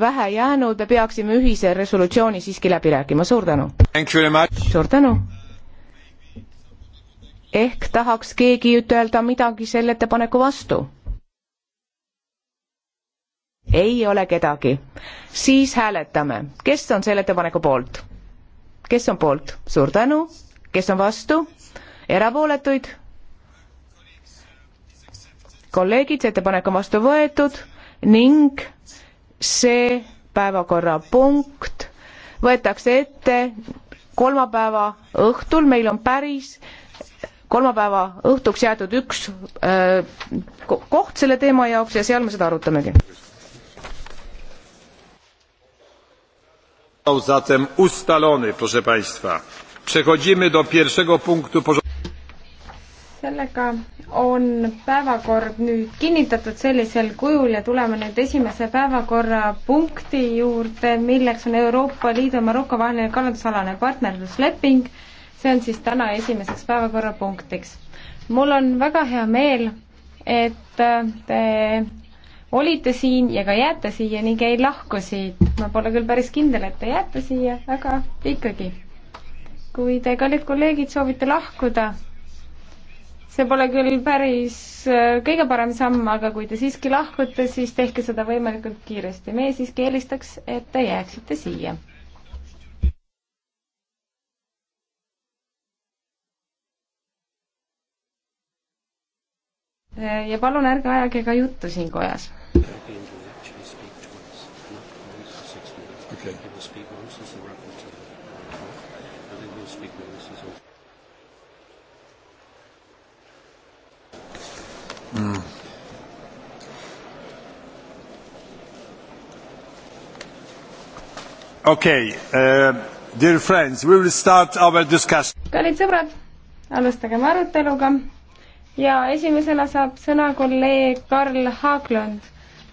vähe jäänud, me peaksime ühise resolutsiooni siiski läbi rääkima, suur tänu. suur tänu. ehk tahaks keegi ütelda midagi selle ettepaneku vastu? ei ole kedagi. siis hääletame, kes on selle ettepaneku poolt? kes on poolt? suur tänu. kes on vastu? erapooletuid? kolleegid, see ettepanek on vastu võetud ning see päevakorrapunkt võetakse ette kolmapäeva õhtul, meil on päris kolmapäeva õhtuks jäetud üks öö, äh, koht selle teema jaoks ja seal me seda arutamegi. zatem ustalony, proszę Państwa. Przechodzimy do pierwszego punktu porządku. Sellega on päevakord nüüd kinnitatud sellisel kujul ja tuleme nüüd esimese päevakorrapunkti juurde, milleks on Euroopa Liidu ja Maroko vaheline kalandusalane partnerlusleping. see on siis täna esimeseks päevakorrapunktiks. mul on väga hea meel, et te olite siin ja ka jääte siia ning ei lahku siit. ma pole küll päris kindel, et te jääte siia, aga ikkagi. kui te, kallid kolleegid, soovite lahkuda see pole küll päris äh, kõige parem samm, aga kui te siiski lahkute, siis tehke seda võimalikult kiiresti. meie siiski eelistaks, et te jääksite siia. Äh, ja palun ärge ajage ka juttu siin kojas. okei okay, uh,, dear friends, we will start our discussion. kallid sõbrad, alustagem aruteluga ja esimesena saab sõna kolleeg Karl Haaglund.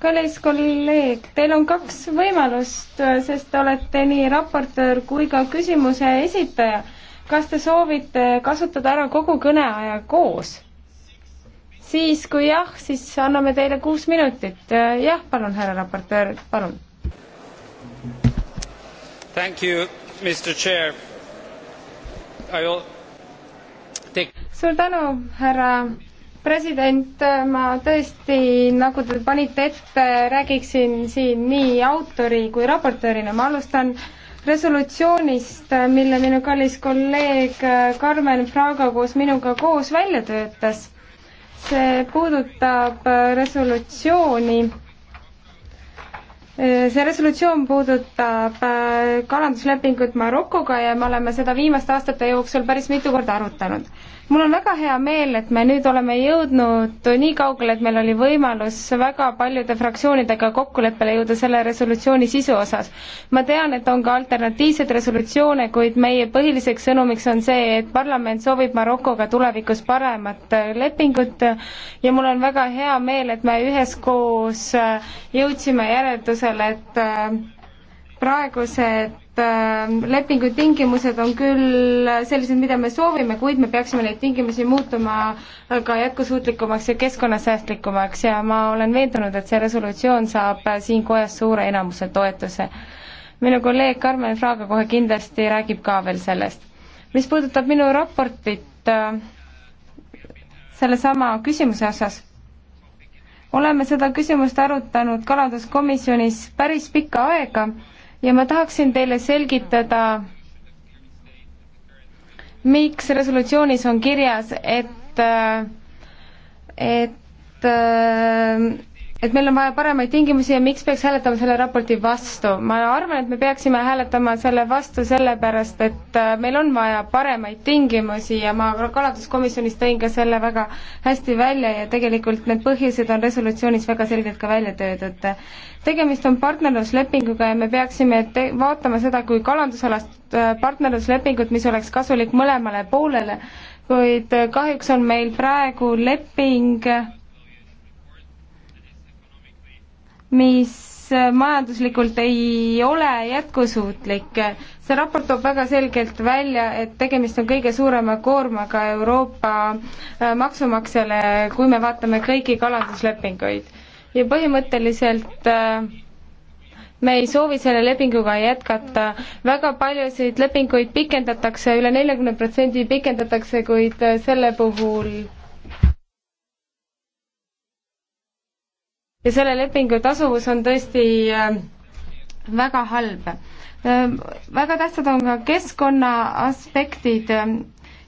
kallis kolleeg, teil on kaks võimalust, äh, sest te olete nii raportöör kui ka küsimuse esitaja. kas te soovite kasutada ära kogu kõneaja koos? siis, kui jah, siis anname teile kuus minutit. Äh, jah, palun, härra raportöör, palun suur tänu, härra president, ma tõesti, nagu te panite ette, räägiksin siin nii autori kui raportöörina, ma alustan resolutsioonist, mille minu kallis kolleeg Carmen Fraga koos minuga koos välja töötas. see puudutab resolutsiooni see resolutsioon puudutab äh, kalanduslepingut Marokoga ja me oleme seda viimaste aastate jooksul päris mitu korda arutanud mul on väga hea meel, et me nüüd oleme jõudnud nii kaugele, et meil oli võimalus väga paljude fraktsioonidega kokkuleppele jõuda selle resolutsiooni sisu osas. ma tean, et on ka alternatiivseid resolutsioone, kuid meie põhiliseks sõnumiks on see, et parlament soovib Marokoga tulevikus paremat äh, lepingut ja mul on väga hea meel, et me üheskoos äh, jõudsime järeldusele, et äh, praegused Äh, lepingu tingimused on küll sellised, mida me soovime, kuid me peaksime neid tingimusi muutuma ka jätkusuutlikumaks ja keskkonnasäästlikumaks ja ma olen veendunud, et see resolutsioon saab äh, siin kojas suure enamuse toetuse. minu kolleeg Karmen Fraaga kohe kindlasti räägib ka veel sellest. mis puudutab minu raportit äh, sellesama küsimuse osas oleme seda küsimust arutanud kalanduskomisjonis päris pikka aega ja ma tahaksin teile selgitada, miks resolutsioonis on kirjas, et, et et meil on vaja paremaid tingimusi ja miks peaks hääletama selle raporti vastu. ma arvan, et me peaksime hääletama selle vastu sellepärast, et äh, meil on vaja paremaid tingimusi ja ma kalanduskomisjonis tõin ka selle väga hästi välja ja tegelikult need põhjused on resolutsioonis väga selgelt ka välja töödud. tegemist on partnerluslepinguga ja me peaksime te-, vaatama seda kui kalandusalast äh, partnerluslepingut, mis oleks kasulik mõlemale poolele, kuid äh, kahjuks on meil praegu leping mis majanduslikult ei ole jätkusuutlik. see raport toob väga selgelt välja, et tegemist on kõige suurema koormaga Euroopa äh, maksumaksjale, kui me vaatame kõiki kalanduslepinguid. ja põhimõtteliselt äh, me ei soovi selle lepinguga jätkata, väga paljusid lepinguid pikendatakse üle, üle neljakümne protsendi pikendatakse, kuid äh, selle puhul ja selle lepingu tasuvus on tõesti äh, väga halb. Äh, väga tähtsad on ka keskkonna aspektid äh,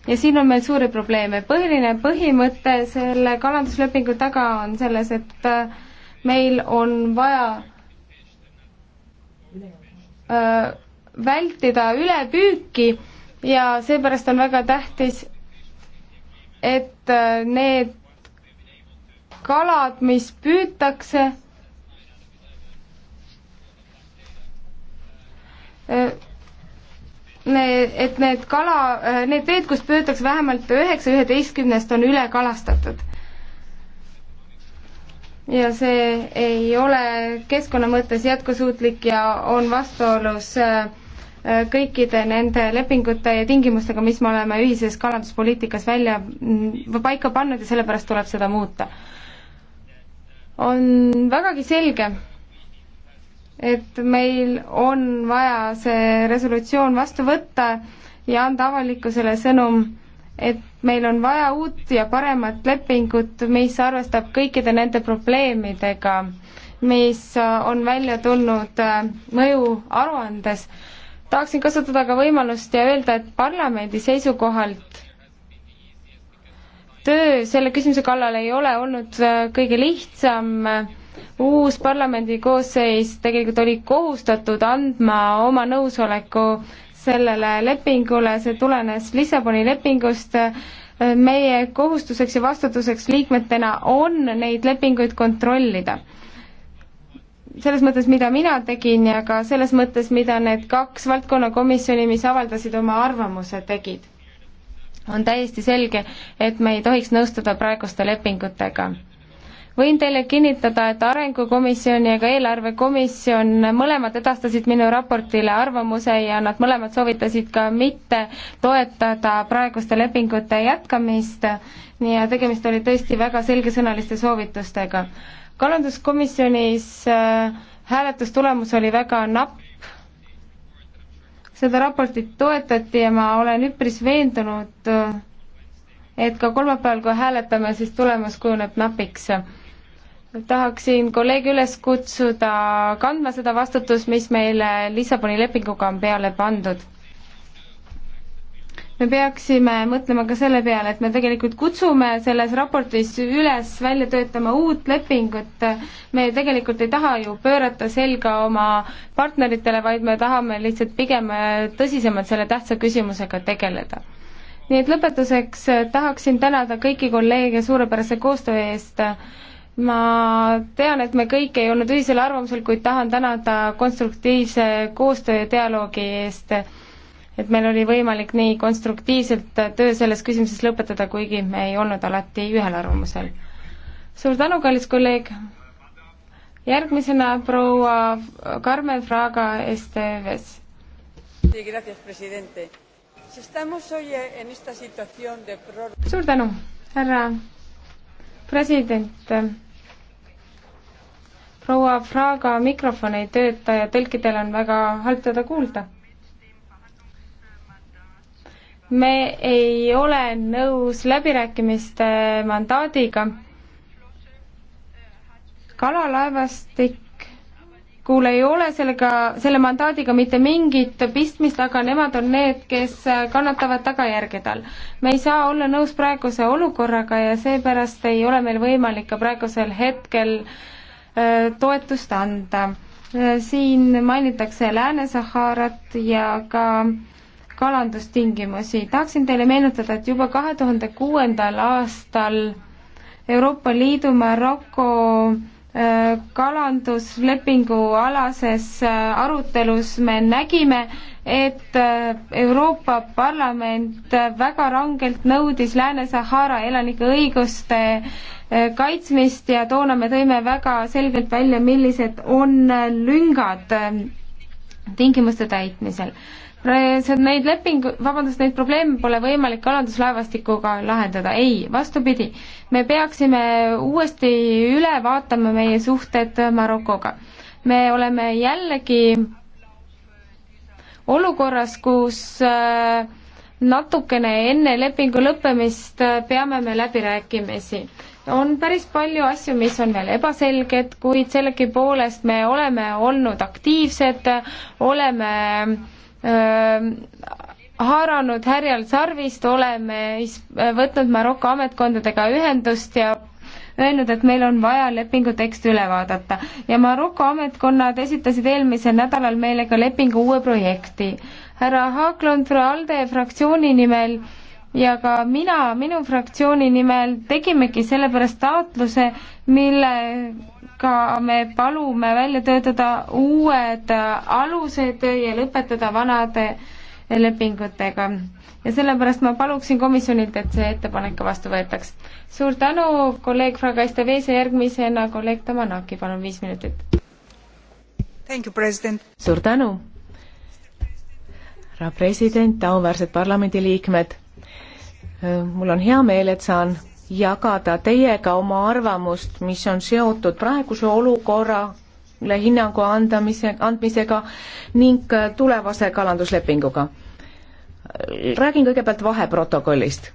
ja siin on meil suuri probleeme. põhiline põhimõte selle kalanduslepingu taga on selles, et meil on vaja vältida ülepüüki ja seepärast on väga tähtis, et need kalad, mis püütakse. Need, et need kala, need veed, kust püütakse vähemalt üheksa üheteistkümnest, on ülekalastatud. ja see ei ole keskkonna mõttes jätkusuutlik ja on vastuolus äh, kõikide nende lepingute ja tingimustega, mis me oleme ühises kalanduspoliitikas välja mm, paika pannud ja sellepärast tuleb seda muuta on vägagi selge, et meil on vaja see resolutsioon vastu võtta ja anda avalikkusele sõnum, et meil on vaja uut ja paremat lepingut, mis arvestab kõikide nende probleemidega, mis on välja tulnud äh, mõjuaruandes. tahaksin kasutada ka võimalust ja öelda, et parlamendi seisukohalt töö selle küsimuse kallal ei ole olnud äh, kõige lihtsam. uus parlamendi koosseis tegelikult oli kohustatud andma oma nõusoleku sellele lepingule, see tulenes Lissaboni lepingust. Äh, meie kohustuseks ja vastutuseks liikmetena on neid lepinguid kontrollida selles mõttes, mida mina tegin ja ka selles mõttes, mida need kaks valdkonnakomisjoni, mis avaldasid oma arvamuse, tegid on täiesti selge, et me ei tohiks nõustuda praeguste lepingutega võin teile kinnitada, et Arengukomisjon ja ka Eelarvekomisjon mõlemad edastasid minu raportile arvamuse ja nad mõlemad soovitasid ka mitte toetada praeguste lepingute jätkamist ja tegemist oli tõesti väga selgesõnaliste soovitustega. kalanduskomisjonis äh, hääletustulemus oli väga napp, seda raportit toetati ja ma olen üpris veendunud, et ka kolmapäeval, kui hääletame, siis tulemus kujuneb napiks. tahaksin kolleege üles kutsuda kandma seda vastutust, mis meile Lissaboni lepinguga on peale pandud me peaksime mõtlema ka selle peale, et me tegelikult kutsume selles raportis üles välja töötama uut lepingut. me tegelikult ei taha ju pöörata selga oma partneritele, vaid me tahame lihtsalt pigem äh, tõsisemalt selle tähtsa küsimusega tegeleda nii et lõpetuseks äh, tahaksin tänada kõiki kolleege suurepärase koostöö eest. ma tean, et me kõik ei olnud ühisel arvamusel, kuid tahan tänada konstruktiivse koostöö ja dialoogi eest et meil oli võimalik nii konstruktiivselt äh, töö selles küsimuses lõpetada, kuigi me ei olnud alati ühel arvamusel. suur tänu, kallis kolleeg! järgmisena proua Carmen Fraga STV-s. Eh, suur tänu, härra president proua Fraga mikrofon ei tööta ja tõlkidel on väga halb teda kuulda me ei ole nõus läbirääkimiste mandaadiga. kalalaevastikul ei ole sellega, selle mandaadiga mitte mingit pistmist, aga nemad on need, kes kannatavad tagajärgede all. me ei saa olla nõus praeguse olukorraga ja seepärast ei ole meil võimalik ka praegusel hetkel äh, toetust anda. Äh, siin mainitakse Lääne-Saharat ja ka äh, kalandustingimusi. tahaksin teile meenutada, et juba kahe tuhande kuuendal aastal Euroopa Liidu Maroko äh, kalanduslepingu alases äh, arutelus me nägime, et äh, Euroopa Parlament väga rangelt nõudis Lääne-Sahara elanike õiguste kaitsmist ja toona me tõime väga selgelt välja, millised on lüngad tingimuste täitmisel see on neid lepingu, vabandust, neid probleeme pole võimalik kalanduslaevastikuga lahendada, ei, vastupidi, me peaksime uuesti üle vaatama meie suhted Marokoga. me oleme jällegi olukorras, kus äh, natukene enne lepingu lõppemist äh, peame me läbirääkimisi on päris palju asju, mis on veel ebaselged, kuid sellegipoolest me oleme olnud aktiivsed, oleme haaranud härjal sarvist, oleme võtnud Maroko ametkondadega ühendust ja öelnud, et meil on vaja lepingu tekst üle vaadata ja Maroko ametkonnad esitasid eelmisel nädalal meile ka lepingu uue projekti. härra Haaklund Fraalde fraktsiooni nimel ja ka mina, minu fraktsiooni nimel tegimegi sellepärast taotluse, millega me palume välja töötada uued alused ja lõpetada vanade lepingutega. ja sellepärast ma paluksin komisjonilt, et see ettepanek ka vastu võetaks. suur tänu, kolleeg Fragaista Vees ja järgmisena kolleeg Tamanaki, palun viis minutit. suur tänu, härra president, auväärsed parlamendiliikmed. mul on hea meel, et saan jagada teiega oma arvamust, mis on seotud praeguse olukorrale hinnangu andamise, andmisega ning äh, tulevase kalanduslepinguga. räägin kõigepealt vaheprotokollist.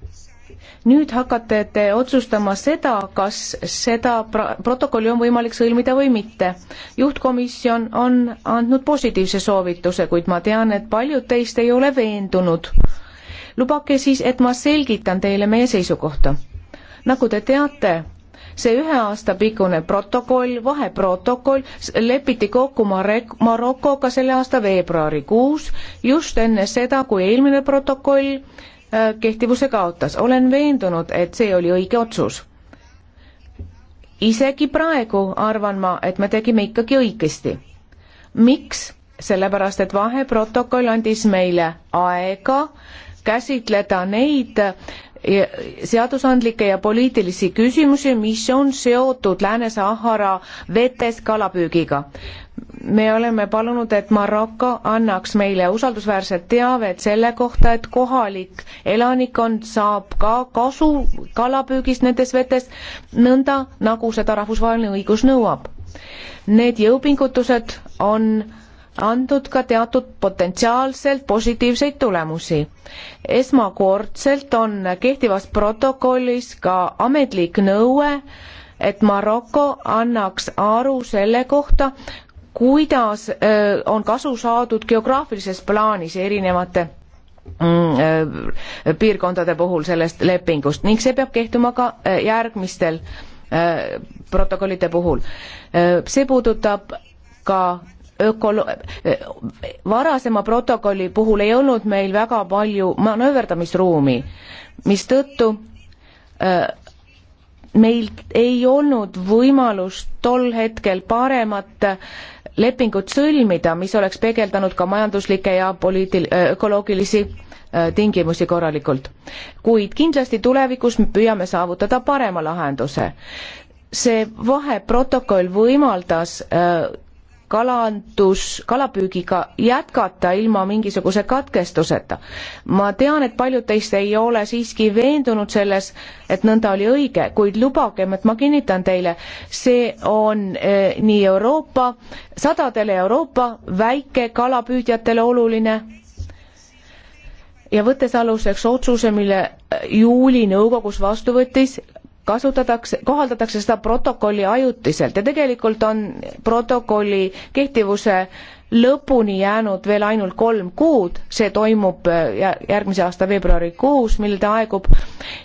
nüüd hakkate te otsustama seda, kas seda protokolli on võimalik sõlmida või mitte. juhtkomisjon on andnud positiivse soovituse, kuid ma tean, et paljud teist ei ole veendunud lubage siis, et ma selgitan teile meie seisukohta nagu te teate, see ühe aasta pikkune protokoll, vaheprotokoll lepiti kokku Marek-, Marokoga selle aasta veebruarikuus, just enne seda, kui eelmine protokoll äh, kehtivuse kaotas. olen veendunud, et see oli õige otsus. isegi praegu arvan ma, et me tegime ikkagi õigesti. miks? sellepärast, et vaheprotokoll andis meile aega käsitleda neid äh, seadusandlikke ja poliitilisi küsimusi, mis on seotud Lääne-Sahara vetes kalapüügiga. me oleme palunud, et Maroko annaks meile usaldusväärset teavet selle kohta, et kohalik elanikkond saab ka kasu kalapüügist nendes vetes, nõnda nagu seda rahvusvaheline õigus nõuab. Need jõupingutused on andnud ka teatud potentsiaalselt positiivseid tulemusi. esmakordselt on kehtivas protokollis ka ametlik nõue, et Maroko annaks aru selle kohta, kuidas on kasu saadud geograafilises plaanis erinevate mm, piirkondade puhul sellest lepingust ning see peab kehtuma ka järgmistel protokollide puhul. see puudutab ka ökolo-, varasema protokolli puhul ei olnud meil väga palju manööverdamisruumi, mistõttu meil ei olnud võimalust tol hetkel paremat lepingut sõlmida, mis oleks peegeldanud ka majanduslikke ja poliitil-, ökoloogilisi tingimusi korralikult. kuid kindlasti tulevikus me püüame saavutada parema lahenduse. see vaheprotokoll võimaldas kalandus, kalapüügiga jätkata ilma mingisuguse katkestuseta. ma tean, et paljud teist ei ole siiski veendunud selles, et nõnda oli õige, kuid lubagem, et ma kinnitan teile, see on eh, nii Euroopa, sadadele Euroopa väikekalapüüdjatele oluline ja võttes aluseks otsuse, mille eh, juuli nõukogus vastu võttis kasutatakse, kohaldatakse seda protokolli ajutiselt ja tegelikult on protokolli kehtivuse lõpuni jäänud veel ainult kolm kuud, see toimub äh, järgmise aasta veebruarikuus, mil ta aegub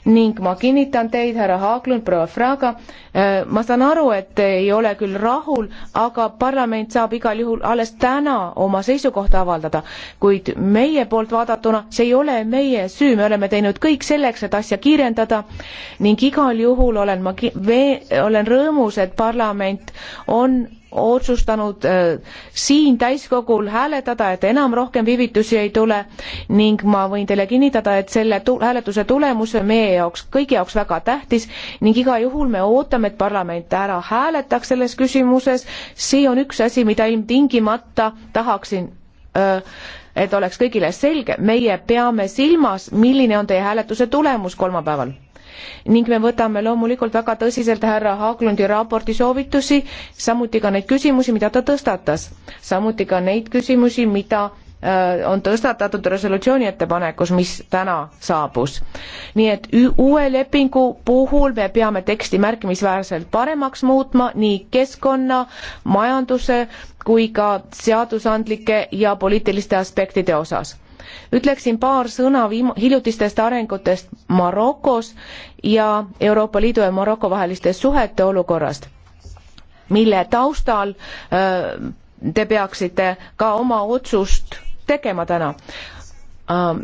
ning ma kinnitan teid, härra Haaglund, proua Fraga, äh, ma saan aru, et te ei ole küll rahul, aga parlament saab igal juhul alles täna oma seisukohta avaldada, kuid meie poolt vaadatuna see ei ole meie süü, me oleme teinud kõik selleks, et asja kiirendada ning igal juhul olen ma, olen rõõmus, et parlament on otsustanud äh, siin täiskogul hääletada, et enam rohkem viivitusi ei tule ning ma võin teile kinnitada, et selle tu hääletuse tulemus on meie jaoks, kõigi jaoks väga tähtis ning igal juhul me ootame, et parlament ära hääletaks selles küsimuses. see on üks asi, mida ilmtingimata tahaksin öö, äh, et oleks kõigile selge, meie peame silmas, milline on teie hääletuse tulemus kolmapäeval ning me võtame loomulikult väga tõsiselt härra Haaglundi raporti soovitusi, samuti ka neid küsimusi, mida ta tõstatas, samuti ka neid küsimusi, mida äh, on tõstatatud resolutsiooni ettepanekus, mis täna saabus. nii et uue lepingu puhul me peame teksti märkimisväärselt paremaks muutma nii keskkonna, majanduse kui ka seadusandlike ja poliitiliste aspektide osas ütleksin paar sõna viim-, hiljutistest arengutest Marokos ja Euroopa Liidu ja Maroko vaheliste suhete olukorrast, mille taustal öö, äh, te peaksite ka oma otsust tegema täna ähm,.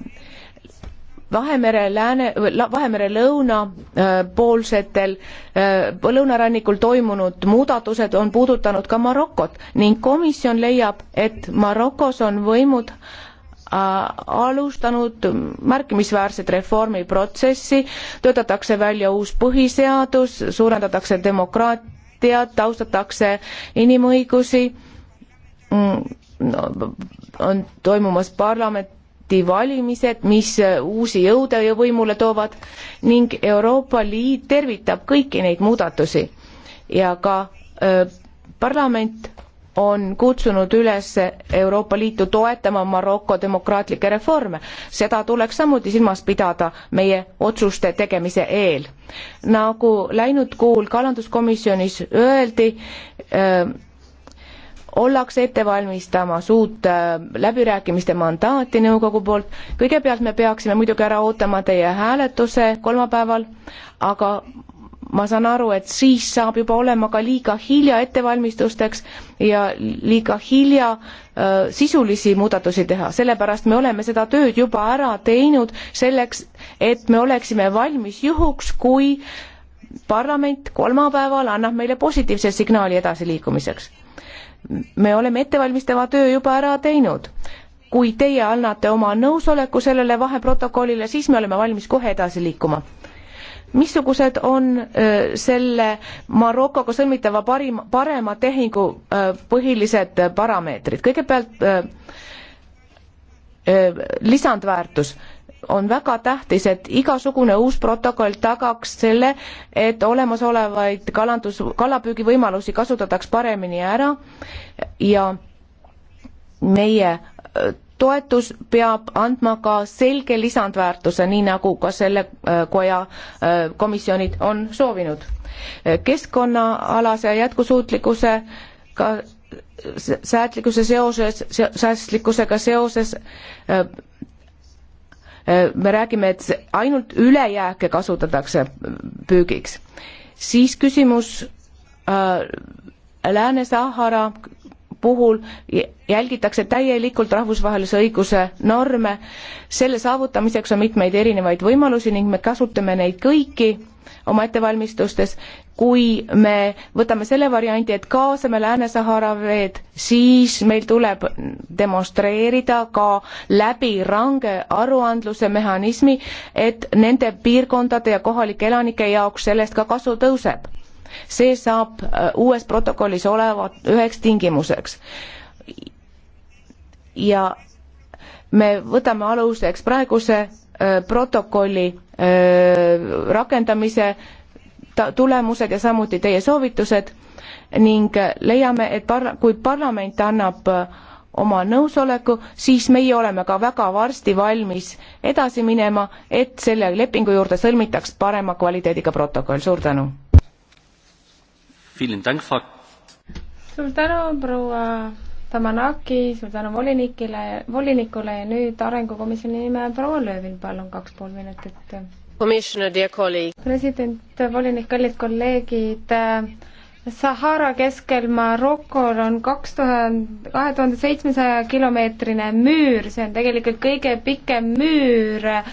Vahemere lääne, Vahemere lõunapoolsetel äh, äh,, lõunarannikul toimunud muudatused on puudutanud ka Marokot ning komisjon leiab, et Marokos on võimud äh, alustanud märkimisväärset reformiprotsessi, töötatakse välja uus põhiseadus, suurendatakse demokraatiat, austatakse inimõigusi, mm, on toimumas parlamendivalimised, mis uusi jõude ju võimule toovad ning Euroopa Liit tervitab kõiki neid muudatusi ja ka öö, parlament on kutsunud üles Euroopa Liitu toetama Maroko demokraatlikke reforme. seda tuleks samuti silmas pidada meie otsuste tegemise eel. nagu läinud kuul kalanduskomisjonis öeldi, ähm, ollakse ette valmistamas uut äh, läbirääkimiste mandaati nõukogu poolt. kõigepealt me peaksime muidugi ära ootama teie hääletuse kolmapäeval, aga ma saan aru, et siis saab juba olema ka liiga hilja ettevalmistusteks ja liiga hilja äh, sisulisi muudatusi teha, sellepärast me oleme seda tööd juba ära teinud selleks, et me oleksime valmis juhuks, kui parlament kolmapäeval annab meile positiivse signaali edasiliikumiseks. me oleme ettevalmistava töö juba ära teinud. kui teie annate oma nõusoleku sellele vaheprotokollile, siis me oleme valmis kohe edasi liikuma missugused on selle Marokoga sõlmitava parim, parema tehingu põhilised parameetrid? kõigepealt lisandväärtus on väga tähtis, et igasugune uus protokoll tagaks selle, et olemasolevaid kalandus, kalapüügivõimalusi kasutataks paremini ära ja meie toetus peab andma ka selge lisandväärtuse, nii nagu ka selle äh, koja äh, komisjonid on soovinud. keskkonnaalase jätkusuutlikkuse ka säätlikkuse seoses, säästlikkusega seoses äh, me räägime, et ainult ülejääke kasutatakse püügiks. siis küsimus Lääne-Sahara puhul jälgitakse täielikult rahvusvahelise õiguse norme. selle saavutamiseks on mitmeid erinevaid võimalusi ning me kasutame neid kõiki oma ettevalmistustes. kui me võtame selle variandi, et kaasame Lääne-Sahara veed, siis meil tuleb demonstreerida ka läbi range aruandluse mehhanismi, et nende piirkondade ja kohalike elanike jaoks sellest ka kasu tõuseb see saab äh, uues protokollis olevat üheks tingimuseks. ja me võtame aluseks praeguse äh, protokolli äh, rakendamise tulemused ja samuti teie soovitused ning leiame, et par-, kui parlament annab oma nõusoleku, siis meie oleme ka väga varsti valmis edasi minema, et selle lepingu juurde sõlmitaks parema kvaliteediga protokoll, suur tänu! suur tänu, proua Tamanaki, suur tänu volinikile, volinikule ja nüüd Arengukomisjoni nimel proua Löövin, palun kaks pool minutit. president, volinik, kallid kolleegid, Sahara keskel Marokol on kaks tuhat, kahe tuhande seitsmesaja kilomeetrine müür, see on tegelikult kõige pikem müür äh,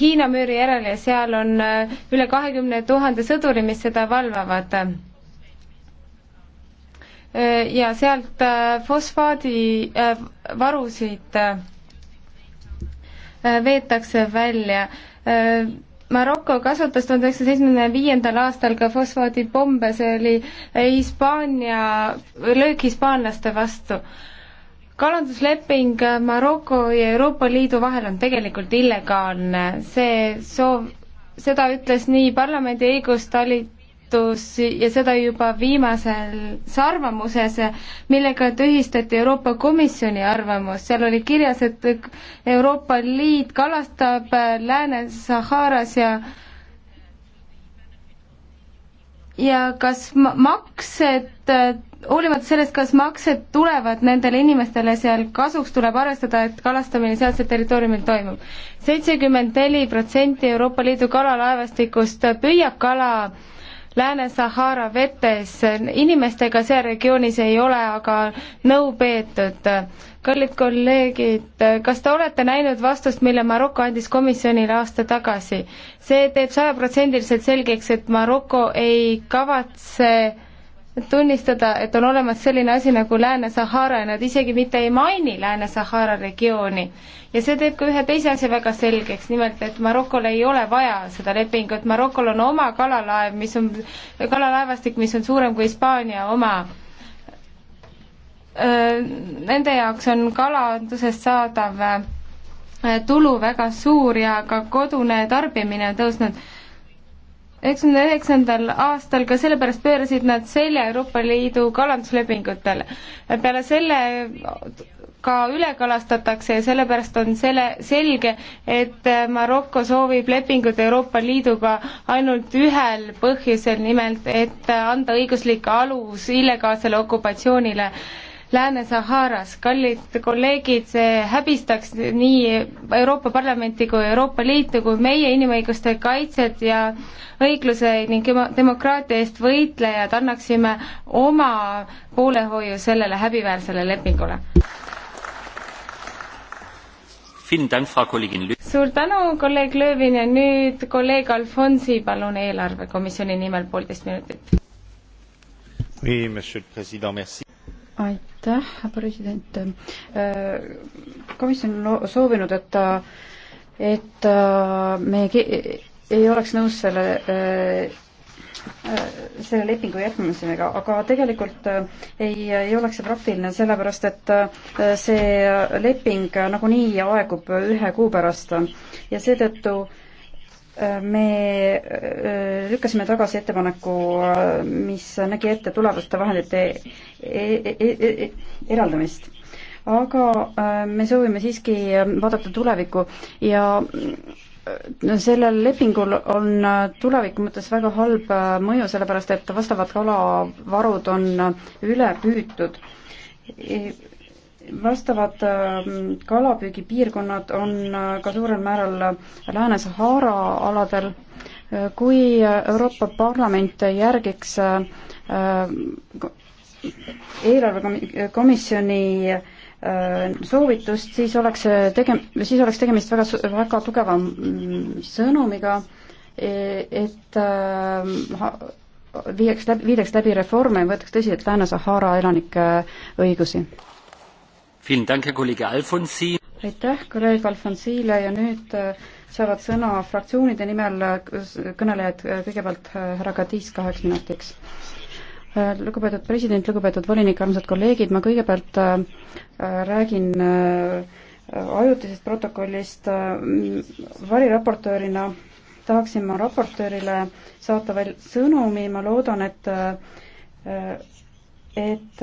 Hiina müüri järel ja seal on äh, üle kahekümne tuhande sõduri, mis seda valvavad Äh, ja sealt äh, fosfaadivarusid äh, veetakse välja. Maroko kasutas tuhande üheksasaja seitsmekümne viiendal aastal ka fosfaadipombe, see oli Hispaania, löök hispaanlaste vastu. kalandusleping Maroko ja Euroopa Liidu vahel on tegelikult illegaalne, see soov, seda ütles nii parlamendi õigustalit-, muudatus ja seda juba viimases arvamuses, millega tühistati Euroopa Komisjoni arvamus, seal oli kirjas, et Euroopa Liit kalastab Lääne-Saharas ja ja kas maksed, hoolimata sellest, kas maksed tulevad nendele inimestele seal kasuks, tuleb arvestada, et kalastamine sealsel territooriumil toimub. seitsekümmend neli protsenti Euroopa Liidu kalalaevastikust püüab kala Lääne-Sahara vetes, inimestega seal regioonis ei ole aga nõu peetud. kallid kolleegid, kas te olete näinud vastust, mille Maroko andis komisjonile aasta tagasi? see teeb sajaprotsendiliselt selgeks, et Maroko ei kavatse tunnistada, et on olemas selline asi nagu Lääne-Sahara ja nad isegi mitte ei maini Lääne-Sahara regiooni. ja see teeb ka ühe teise asja väga selgeks, nimelt et Marokol ei ole vaja seda lepingut, Marokol on oma kalalaev, mis on, kalalaevastik, mis on suurem kui Hispaania oma. Nende jaoks on kalandusest saadav tulu väga suur ja ka kodune tarbimine on tõusnud üheksakümne üheksandal aastal ka sellepärast pöörasid nad selja Euroopa Liidu kalanduslepingutel. peale selle ka üle kalastatakse ja sellepärast on selle selge, et Maroko soovib lepingut Euroopa Liiduga ainult ühel põhjusel, nimelt et anda õiguslik alus illegaalsele okupatsioonile Lääne-Saharas. kallid kolleegid, see häbistaks nii Euroopa Parlamenti kui Euroopa Liitu kui meie inimõiguste kaitset ja õigluse ning demokraatia eest võitlejad annaksime oma poolehoiu sellele häbiväärsele lepingule. suur tänu, kolleeg Löövin ja nüüd kolleeg Alfonsi, palun eelarvekomisjoni nimel poolteist minutit. Oui, monsieur le président, merci aitäh, president. Äh, komisjon on soovinud, et, et äh, me ei oleks nõus selle äh, selle lepingu jätmisega, aga tegelikult ei, ei oleks see praktiline, sellepärast et see leping nagunii aegub ühe kuu pärast ja seetõttu äh, me äh, lükkasime tagasi ettepaneku, mis nägi ette tulevaste vahendite e e e, e, e eraldamist. aga äh, me soovime siiski vaadata tulevikku ja äh, sellel lepingul on tuleviku mõttes väga halb mõju, sellepärast et vastavad kalavarud on üle püütud e, vastavad ähm, kalapüügipiirkonnad on äh, ka suurel määral äh, Lääne-Sahara aladel. Äh, kui Euroopa Parlament järgiks eelarvekomisjoni soovitust, siis oleks tege-, siis oleks tegemist väga, väga tugeva mm, sõnumiga, e-, et viiaks läbi, viidaks läbi reforme ja võetaks tõsiselt Lääne-Sahara elanike õigusi aitäh kolleeg Alfonsile ja nüüd äh, saavad sõna fraktsioonide nimel äh, kõnelejad, äh, kõigepealt härra Kadiis kaheks minutiks. lugupeetud president, lugupeetud volinik, armsad kolleegid, ma kõigepealt räägin ajutisest protokollist variraportöörina tahaksin ma raportöörile saata veel sõnumi, ma loodan, et et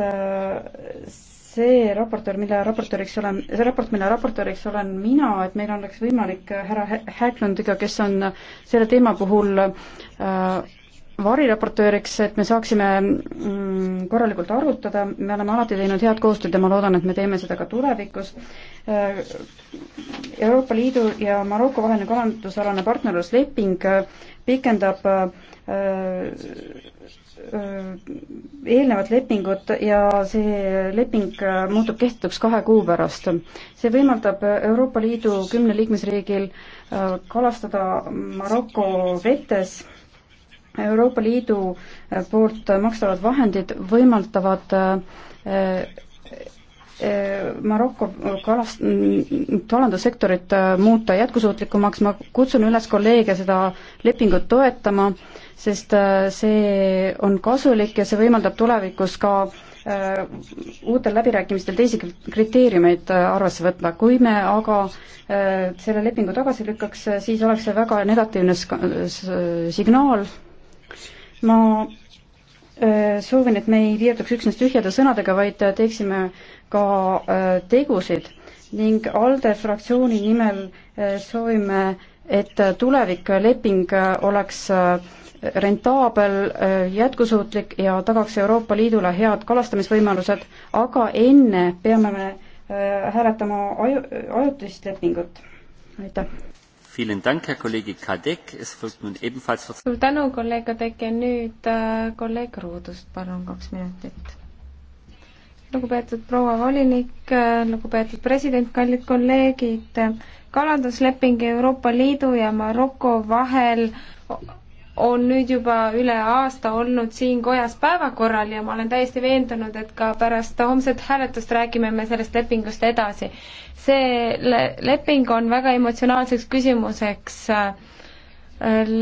see raportöör, mille raportööriks olen, see raport, mille raportööriks olen mina, et meil oleks võimalik härra Häglundiga, kes on selle teema puhul äh, variraportööriks, et me saaksime mm, korralikult arutada, me oleme alati teinud head koostööd ja ma loodan, et me teeme seda ka tulevikus. Äh, Euroopa Liidu ja Maroko vaheline kalandusalane partnerlusleping äh, pikendab äh, Äh, eelnevat lepingut ja see leping äh, muutub kehtetuks kahe kuu pärast. see võimaldab Euroopa Liidu kümnel liikmesriigil äh, kalastada Maroko vetes. Euroopa Liidu poolt makstavad vahendid võimaldavad Maroko kalast-, kalandussektorit muuta jätkusuutlikumaks, ma kutsun üles kolleege seda lepingut toetama sest äh, see on kasulik ja see võimaldab tulevikus ka äh, uutel läbirääkimistel teisi kriteeriumeid äh, arvesse võtma. kui me aga selle lepingu tagasi lükkaks, siis oleks see väga negatiivne signaal. ma soovin, et me ei piirduks üksnes tühjade sõnadega, vaid teeksime ka tegusid ning ALDE fraktsiooni nimel soovime, et tulevikleping oleks äh, rentaabel, äh, jätkusuutlik ja tagaks Euroopa Liidule head kalastamisvõimalused, aga enne peame me äh, hääletama aju-, ajutist lepingut. aitäh! suur tänu, kolleeg Kadek ja nüüd äh, kolleeg Ruudust, palun kaks minutit. lugupeetud proua volinik, lugupeetud president, kallid kolleegid, kalandusleping Euroopa Liidu ja Maroko vahel on nüüd juba üle aasta olnud siin kojas päevakorral ja ma olen täiesti veendunud, et ka pärast homset hääletust räägime me sellest lepingust edasi. see le-, leping on väga emotsionaalseks küsimuseks äh,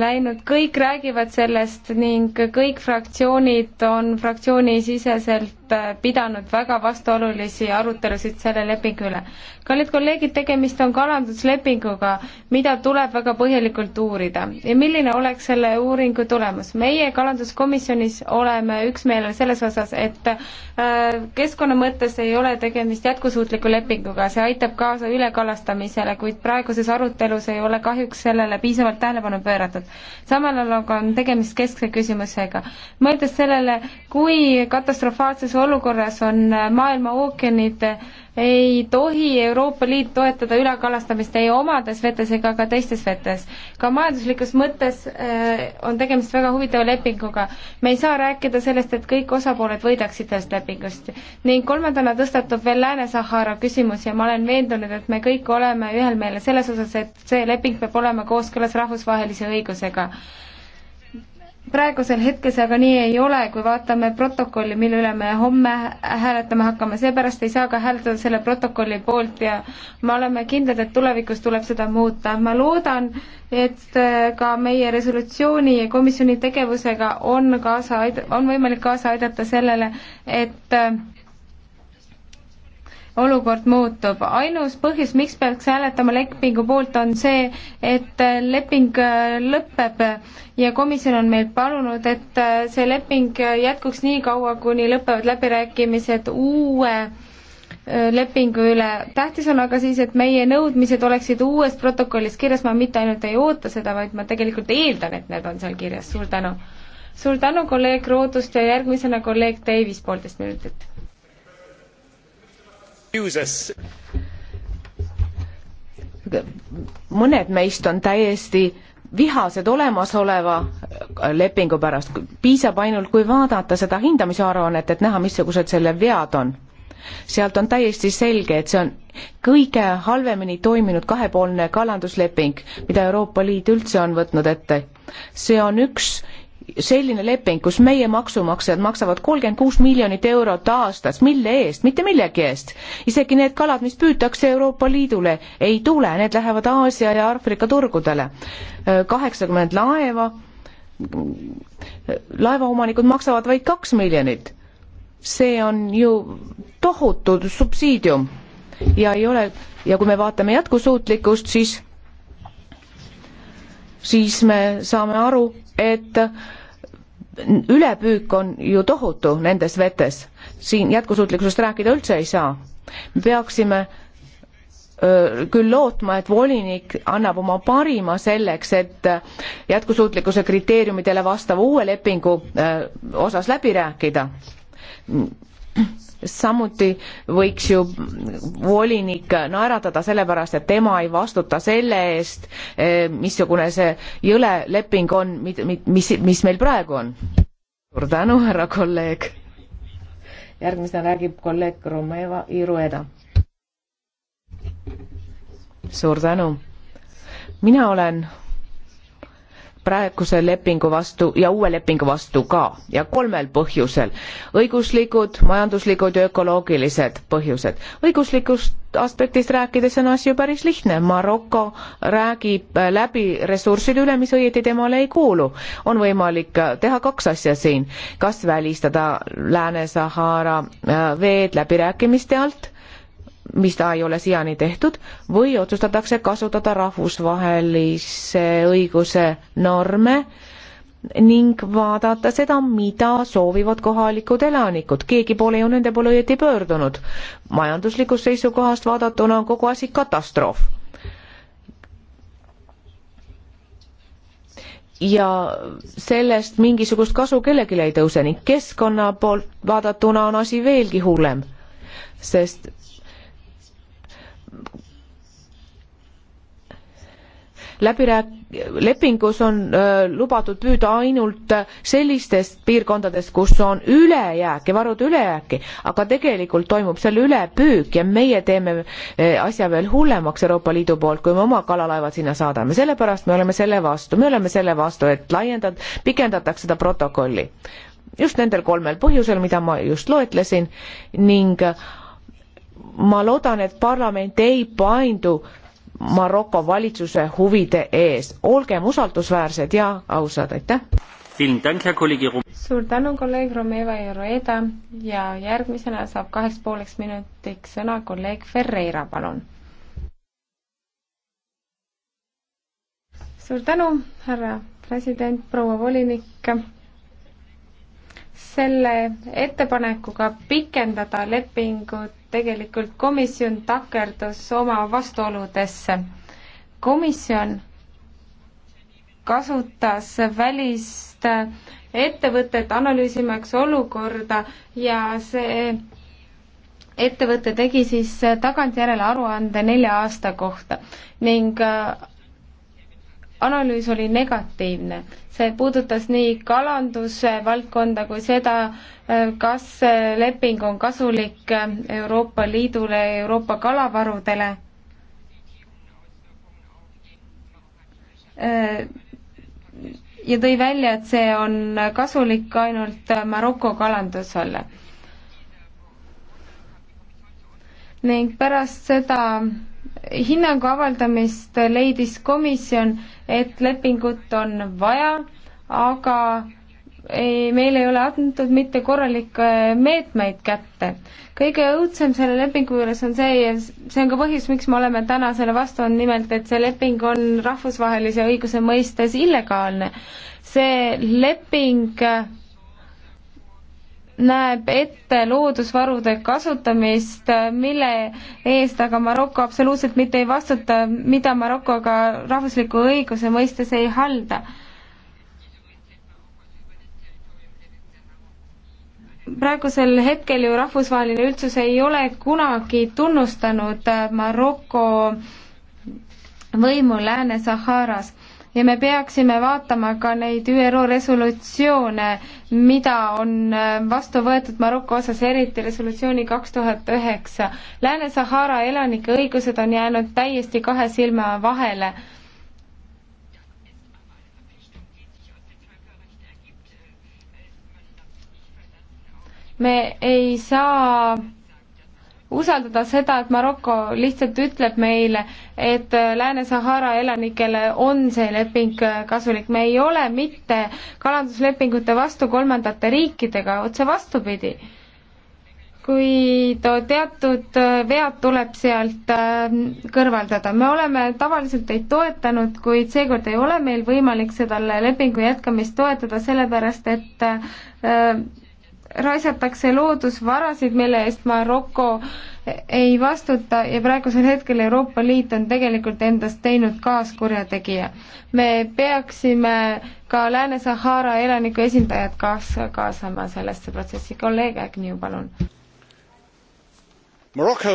läinud, kõik räägivad sellest ning kõik fraktsioonid on fraktsioonisiseselt Äh, pidanud väga vastuolulisi arutelusid selle lepingu üle. kallid kolleegid, tegemist on kalanduslepinguga, mida tuleb väga põhjalikult uurida ja milline oleks selle uuringu tulemus? meie kalanduskomisjonis oleme üksmeelel selles osas, et äh, keskkonna mõttes ei ole tegemist jätkusuutliku lepinguga, see aitab kaasa ülekalastamisele, kuid praeguses arutelus ei ole kahjuks sellele piisavalt tähelepanu pööratud. samal ajal aga on tegemist keskse küsimusega. mõeldes sellele, kui katastrofaalses olukorras on äh, maailma ookeanid, äh, ei tohi Euroopa Liit toetada ülekalastamist ei omades vetes ega ka teistes vetes. ka majanduslikus mõttes äh, on tegemist väga huvitava lepinguga. me ei saa rääkida sellest, et kõik osapooled võidaksid sellest lepingust. ning kolmandana tõstatub veel Lääne-Sahara küsimus ja ma olen veendunud, et me kõik oleme ühel meelel selles osas, et see leping peab olema kooskõlas rahvusvahelise õigusega praegusel hetkel see aga nii ei ole, kui vaatame protokolli, mille üle me homme hääletama hakkame, seepärast ei saa ka hääletada selle protokolli poolt ja me oleme kindlad, et tulevikus tuleb seda muuta. ma loodan, et äh, ka meie resolutsiooni ja komisjoni tegevusega on kaasa aid-, on võimalik kaasa aidata sellele, et äh, olukord muutub. ainus põhjus, miks peaks hääletama lepingu poolt, on see, et leping äh, lõpeb ja komisjon on meilt palunud, et äh, see leping äh, jätkuks nii kaua, kuni lõpevad läbirääkimised uue lepingu üle. tähtis on aga siis, et meie nõudmised oleksid uues protokollis kirjas, ma mitte ainult ei oota seda, vaid ma tegelikult eeldan, et need on seal kirjas. suur tänu! suur tänu, kolleeg Roodust ja järgmisena kolleeg Davis, poolteist minutit mõned meist on täiesti vihased olemasoleva lepingu pärast, piisab ainult, kui vaadata seda hindamise aruannet, et näha, missugused selle vead on. sealt on täiesti selge, et see on kõige halvemini toiminud kahepoolne kalandusleping, mida Euroopa Liit üldse on võtnud ette. see on üks selline leping, kus meie maksumaksjad maksavad kolmkümmend kuus miljonit eurot aastas, mille eest, mitte millegi eest. isegi need kalad, mis püütakse Euroopa Liidule, ei tule, need lähevad Aasia ja Aafrika turgudele. Äh, kaheksakümmend laeva, laevaomanikud maksavad vaid kaks miljonit. see on ju tohutu subsiidium ja ei ole, ja kui me vaatame jätkusuutlikkust, siis siis me saame aru, et ülepüük on ju tohutu nendes vetes. siin jätkusuutlikkusest rääkida üldse ei saa. me peaksime öö, küll lootma, et volinik annab oma parima selleks, et jätkusuutlikkuse kriteeriumidele vastava uue lepingu öö, osas läbi rääkida samuti võiks ju volinik naeratada sellepärast, et tema ei vastuta selle eest, eh, missugune see jõle leping on, mis, mis meil praegu on. suur tänu, härra kolleeg. järgmisena räägib kolleeg Romeva Irueda. suur tänu. mina olen praeguse lepingu vastu ja uue lepingu vastu ka ja kolmel põhjusel. õiguslikud, majanduslikud ja ökoloogilised põhjused. õiguslikust aspektist rääkides on asi ju päris lihtne. Maroko räägib äh, läbi ressursside üle, mis õieti temale ei kuulu. on võimalik äh, teha kaks asja siin, kas välistada Lääne-Sahara äh, veed läbirääkimiste alt mida ei ole siiani tehtud, või otsustatakse kasutada rahvusvahelise õiguse norme ning vaadata seda, mida soovivad kohalikud elanikud. keegi pole ju nende poole õieti pöördunud. majanduslikust seisukohast vaadatuna on kogu asi katastroof. ja sellest mingisugust kasu kellelegi ei tõuse ning keskkonna poolt vaadatuna on asi veelgi hullem, sest läbirääk-, lepingus on öö, lubatud püüda ainult sellistest piirkondadest, kus on ülejääki, varude ülejääki, aga tegelikult toimub seal ülepüük ja meie teeme asja veel hullemaks Euroopa Liidu poolt, kui me oma kalalaevad sinna saadame, sellepärast me oleme selle vastu, me oleme selle vastu, et laiendad, pikendatakse seda protokolli. just nendel kolmel põhjusel, mida ma just loetlesin ning ma loodan, et parlament ei paindu Maroko valitsuse huvide ees. olgem usaldusväärsed ja ausad, aitäh! suur tänu, kolleeg Romeva ja Roeda ja järgmisena saab kaheks pooleks minutiks sõna kolleeg Ferreira, palun. suur tänu, härra president, proua volinik selle ettepanekuga pikendada lepingut tegelikult komisjon takerdus oma vastuoludesse. komisjon kasutas välist ettevõtet analüüsimaks olukorda ja see ettevõte tegi siis tagantjärele aruande nelja aasta kohta ning äh, analüüs oli negatiivne. see puudutas nii kalandusvaldkonda kui seda, äh, kas leping on kasulik äh, Euroopa Liidule, Euroopa kalavarudele. Äh, ja tõi välja, et see on kasulik ainult Maroko kalandusele. ning pärast seda hinnangu avaldamist leidis komisjon, et lepingut on vaja, aga ei, meile ei ole antud mitte korralikke meetmeid kätte. kõige õudsem selle lepingu juures on see ja see on ka põhjus, miks me oleme täna selle vastu, on nimelt, et see leping on rahvusvahelise õiguse mõistes illegaalne. see leping näeb ette loodusvarude kasutamist, mille eest aga Maroko absoluutselt mitte ei vastuta, mida Maroko ka rahvusliku õiguse mõistes ei halda. praegusel hetkel ju rahvusvaheline üldsus ei ole kunagi tunnustanud Maroko võimu Lääne-Saharas ja me peaksime vaatama ka neid ÜRO resolutsioone, mida on äh, vastu võetud Maroko osas, eriti resolutsiooni kaks tuhat üheksa. Lääne-Sahara elanike õigused on jäänud täiesti kahe silma vahele me ei saa usaldada seda, et Maroko lihtsalt ütleb meile, et Lääne-Sahara elanikele on see leping äh, kasulik, me ei ole mitte kalanduslepingute vastu kolmandate riikidega, otse vastupidi. kuid teatud äh, vead tuleb sealt äh, kõrvaldada, me oleme tavaliselt teid toetanud, kuid seekord ei ole meil võimalik seda lepingu jätkamist toetada, sellepärast et äh, raisatakse loodusvarasid, mille eest Maroko ei vastuta ja praegusel hetkel Euroopa Liit on tegelikult endast teinud kaaskurjategija. me peaksime ka Lääne-Sahara elaniku esindajad kaas-, kaasama sellesse protsessi. kolleeg Agnew, palun. Morocco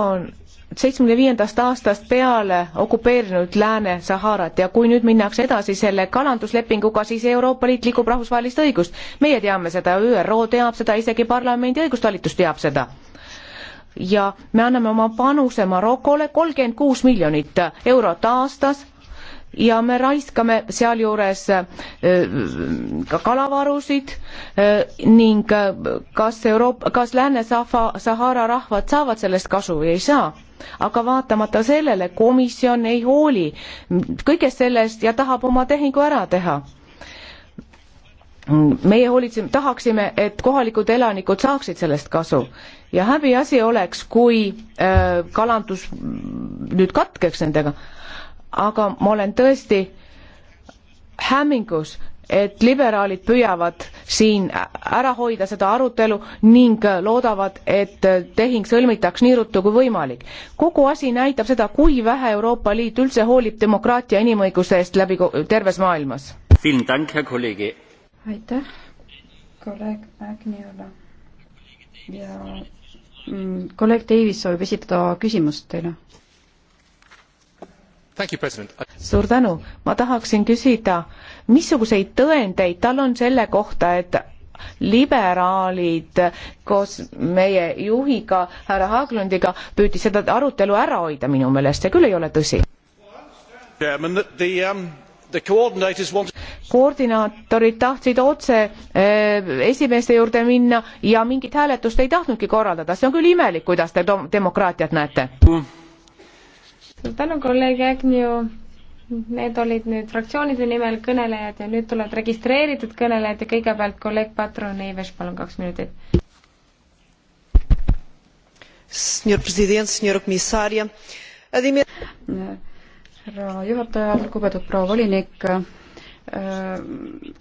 on seitsmekümne viiendast aastast peale okupeerinud Lääne-Saharat ja kui nüüd minnakse edasi selle kalanduslepinguga, siis Euroopa Liit liigub rahvusvahelist õigust. meie teame seda, ÜRO teab seda, isegi parlamendi õigustalitus teab seda. ja me anname oma panuse Marokole kolmkümmend kuus miljonit eurot aastas ja me raiskame sealjuures äh, ka kalavarusid äh, ning äh, kas Euroopa, kas Lääne-Sahara rahvad saavad sellest kasu või ei saa aga vaatamata sellele komisjon ei hooli kõigest sellest ja tahab oma tehingu ära teha meie hoolitseme, tahaksime, et kohalikud elanikud saaksid sellest kasu ja häbiasi oleks, kui äh, kalandus nüüd katkeks nendega, aga ma olen tõesti hämmingus, et liberaalid püüavad siin ära hoida seda arutelu ning loodavad, et tehing sõlmitaks nii ruttu kui võimalik. kogu asi näitab seda, kui vähe Euroopa Liit üldse hoolib demokraatia inimõiguste eest läbi terves maailmas. aitäh kolleeg Agniola ja mm, kolleeg Davis soovib esitada küsimust teile suur tänu, ma tahaksin küsida, missuguseid tõendeid tal on selle kohta, et liberaalid koos meie juhiga, härra Haaglundiga, püüdis seda arutelu ära hoida minu meelest, see küll ei ole tõsi. Um, koordinaatorid tahtsid otse eh, esimeeste juurde minna ja mingit hääletust ei tahtnudki korraldada, see on küll imelik, kuidas te demokraatiat näete suur tänu, kolleeg Agnew. Need olid nüüd fraktsioonide nimel kõnelejad ja nüüd tulevad registreeritud kõnelejad ja kõigepealt kolleeg Patron Eives, palun kaks minutit. härra juhataja, lugupeetud proua volinik Äh,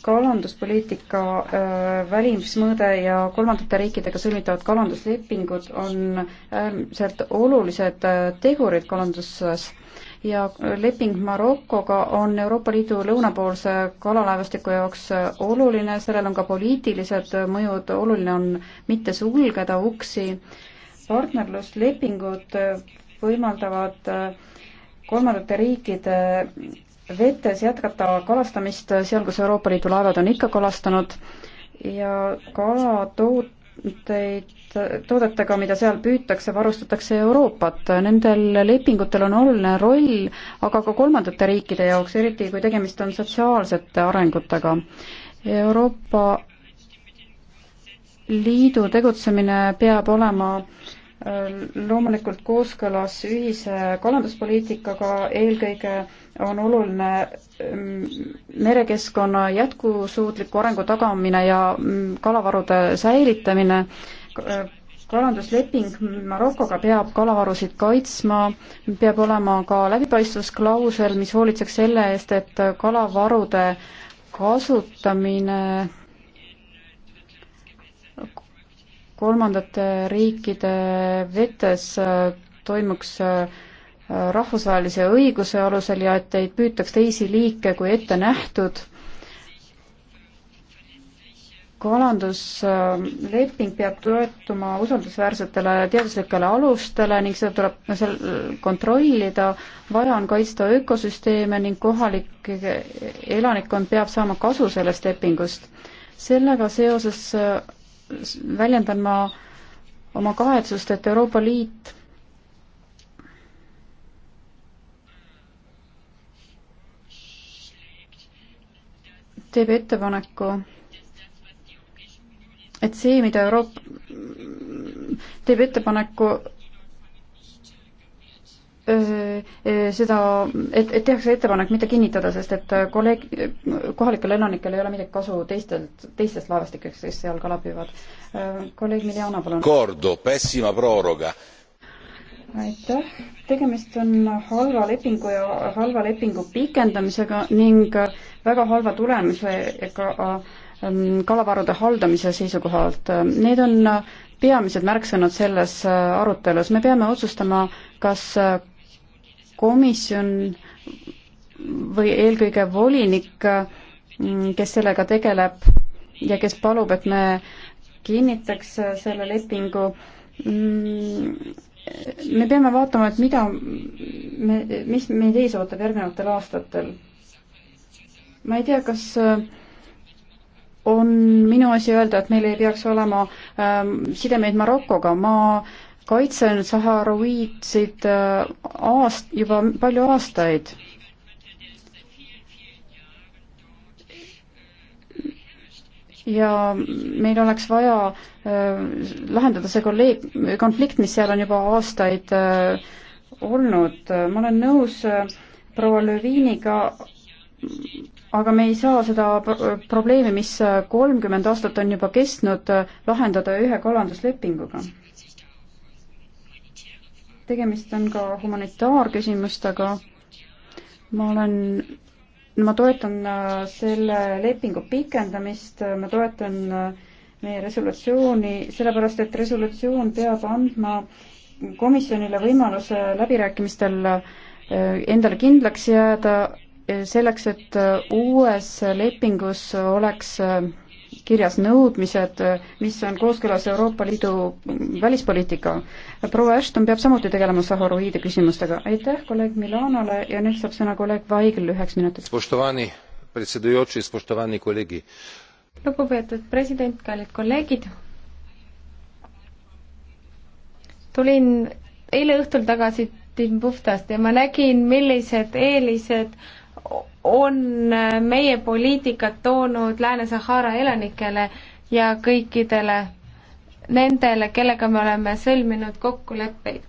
kalanduspoliitika äh, välimismõõde ja kolmandate riikidega sõlmitavad kalanduslepingud on äärmiselt olulised äh, tegurid kalanduses ja leping Marokoga on Euroopa Liidu lõunapoolse kalalaevastiku jaoks oluline, sellel on ka poliitilised mõjud, oluline on mitte sulgeda uksi. partnerluslepingud võimaldavad kolmandate riikide vetes jätkata kalastamist seal, kus Euroopa Liidu laevad on ikka kalastanud ja kalatooteid, toodetega, mida seal püütakse, varustatakse Euroopat. Nendel lepingutel on oluline roll, aga ka kolmandate riikide jaoks, eriti kui tegemist on sotsiaalsete arengutega. Euroopa Liidu tegutsemine peab olema äh, loomulikult kooskõlas ühise kalanduspoliitikaga, eelkõige äh, on oluline mm, merekeskkonna jätkusuutliku arengu tagamine ja mm, kalavarude säilitamine. kalandusleping Marokoga peab kalavarusid kaitsma, peab olema ka läbipaistvusklausel, mis hoolitseks selle eest, et kalavarude kasutamine kolmandate riikide vetes toimuks äh, rahvusvahelise õiguse alusel ja et ei püütaks teisi liike kui ette nähtud. kalandusleping peab toetuma usaldusväärsetele teaduslikele alustele ning seda tuleb seal kontrollida, vaja on kaitsta ökosüsteeme ning kohalik elanikkond peab saama kasu sellest lepingust. sellega seoses väljendan ma oma kahetsust, et Euroopa Liit teeb ettepaneku, et see, mida Euroopa, teeb ettepaneku seda, et, et tehakse ettepanek mitte kinnitada, sest et kolleeg, kohalikel elanikel ei ole midagi kasu teistelt, teistest laevastikest, kes seal kala püüavad. kolleeg Miljana, palun. aitäh tegemist on halva lepingu ja halva lepingu pikendamisega ning väga halva tulemusega ähm, kalavarude haldamise seisukohalt. Need on peamised märksõnad selles äh, arutelus. me peame otsustama, kas äh, komisjon või eelkõige volinik, mm, kes sellega tegeleb ja kes palub, et me kinnitaks äh, selle lepingu, mm, me peame vaatama, et mida me, mis meid ees ootab järgnevatel aastatel. ma ei tea, kas äh, on minu asi öelda, et meil ei peaks olema ähm, sidemeid Marokoga, ma kaitsen Saharoviitsid äh, aast-, juba palju aastaid ja meil oleks vaja äh, lahendada see kolleeg-, konflikt, mis seal on juba aastaid äh, olnud. ma olen nõus äh, proua Löfiniga, aga me ei saa seda probleemi, mis kolmkümmend aastat on juba kestnud, lahendada ühe kalanduslepinguga. tegemist on ka humanitaarküsimustega. ma olen ma toetan äh, selle lepingu pikendamist, ma toetan äh, meie resolutsiooni, sellepärast et resolutsioon peab andma komisjonile võimaluse läbirääkimistel äh, endale kindlaks jääda, selleks et uues lepingus oleks kirjas nõudmised, mis on kooskõlas Euroopa Liidu välispoliitikaga. proua Ashton peab samuti tegelema Sahhoroviide küsimustega. aitäh kolleeg Milanole ja nüüd saab sõna kolleeg Vaigel üheks minutiks. lugupeetud president, kallid kolleegid. tulin eile õhtul tagasi Timbuftast ja ma nägin, millised eelised on meie poliitikat toonud Lääne-Sahara elanikele ja kõikidele nendele, kellega me oleme sõlminud kokkuleppeid.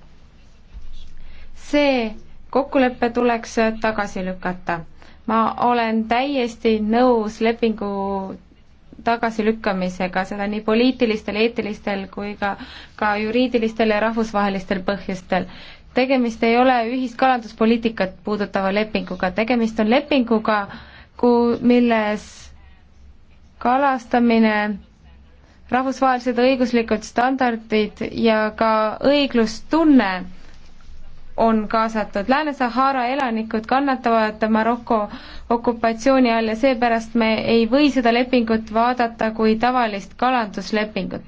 see kokkulepe tuleks tagasi lükata. ma olen täiesti nõus lepingu tagasilükkamisega, seda nii poliitilistel, eetilistel kui ka, ka juriidilistel ja rahvusvahelistel põhjustel tegemist ei ole ühist kalanduspoliitikat puudutava lepinguga, tegemist on lepinguga, ku-, milles kalastamine, rahvusvahelised õiguslikud standardid ja ka õiglustunne on kaasatud. Lääne-Sahara elanikud kannatavad Maroko okupatsiooni all ja seepärast me ei või seda lepingut vaadata kui tavalist kalanduslepingut.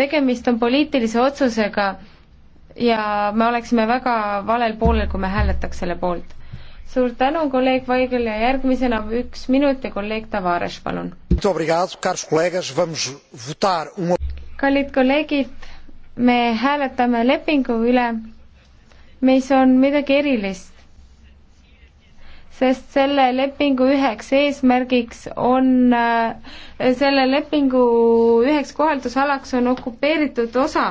tegemist on poliitilise otsusega ja me oleksime väga valel poolel, kui me hääletaks selle poolt. suur tänu, kolleeg Vaigel ja järgmisena üks minut ja kolleeg Tavares, palun. kallid kolleegid, me hääletame lepingu üle, mis on midagi erilist, sest selle lepingu üheks eesmärgiks on, äh, selle lepingu üheks kohaldusalaks on okupeeritud osa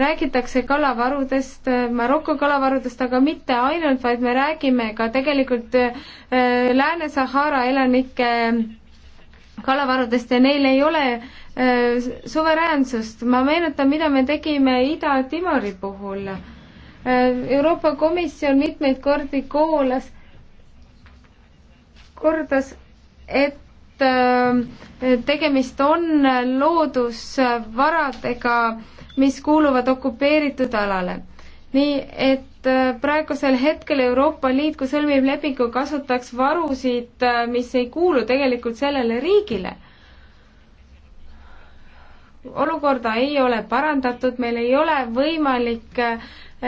räägitakse kalavarudest, äh, Maroko kalavarudest, aga mitte ainult, vaid me räägime ka tegelikult äh, Lääne-Sahara elanike kalavarudest ja neil ei ole äh, suveräänsust. ma meenutan, mida me tegime Ida-Timori puhul. Euroopa Komisjon mitmeid kordi koolas, kordas, et tegemist on loodusvaradega äh, mis kuuluvad okupeeritud alale. nii et äh, praegusel hetkel Euroopa Liit, kui sõlmib lepingu, kasutaks varusid, äh, mis ei kuulu tegelikult sellele riigile. olukorda ei ole parandatud, meil ei ole võimalik äh,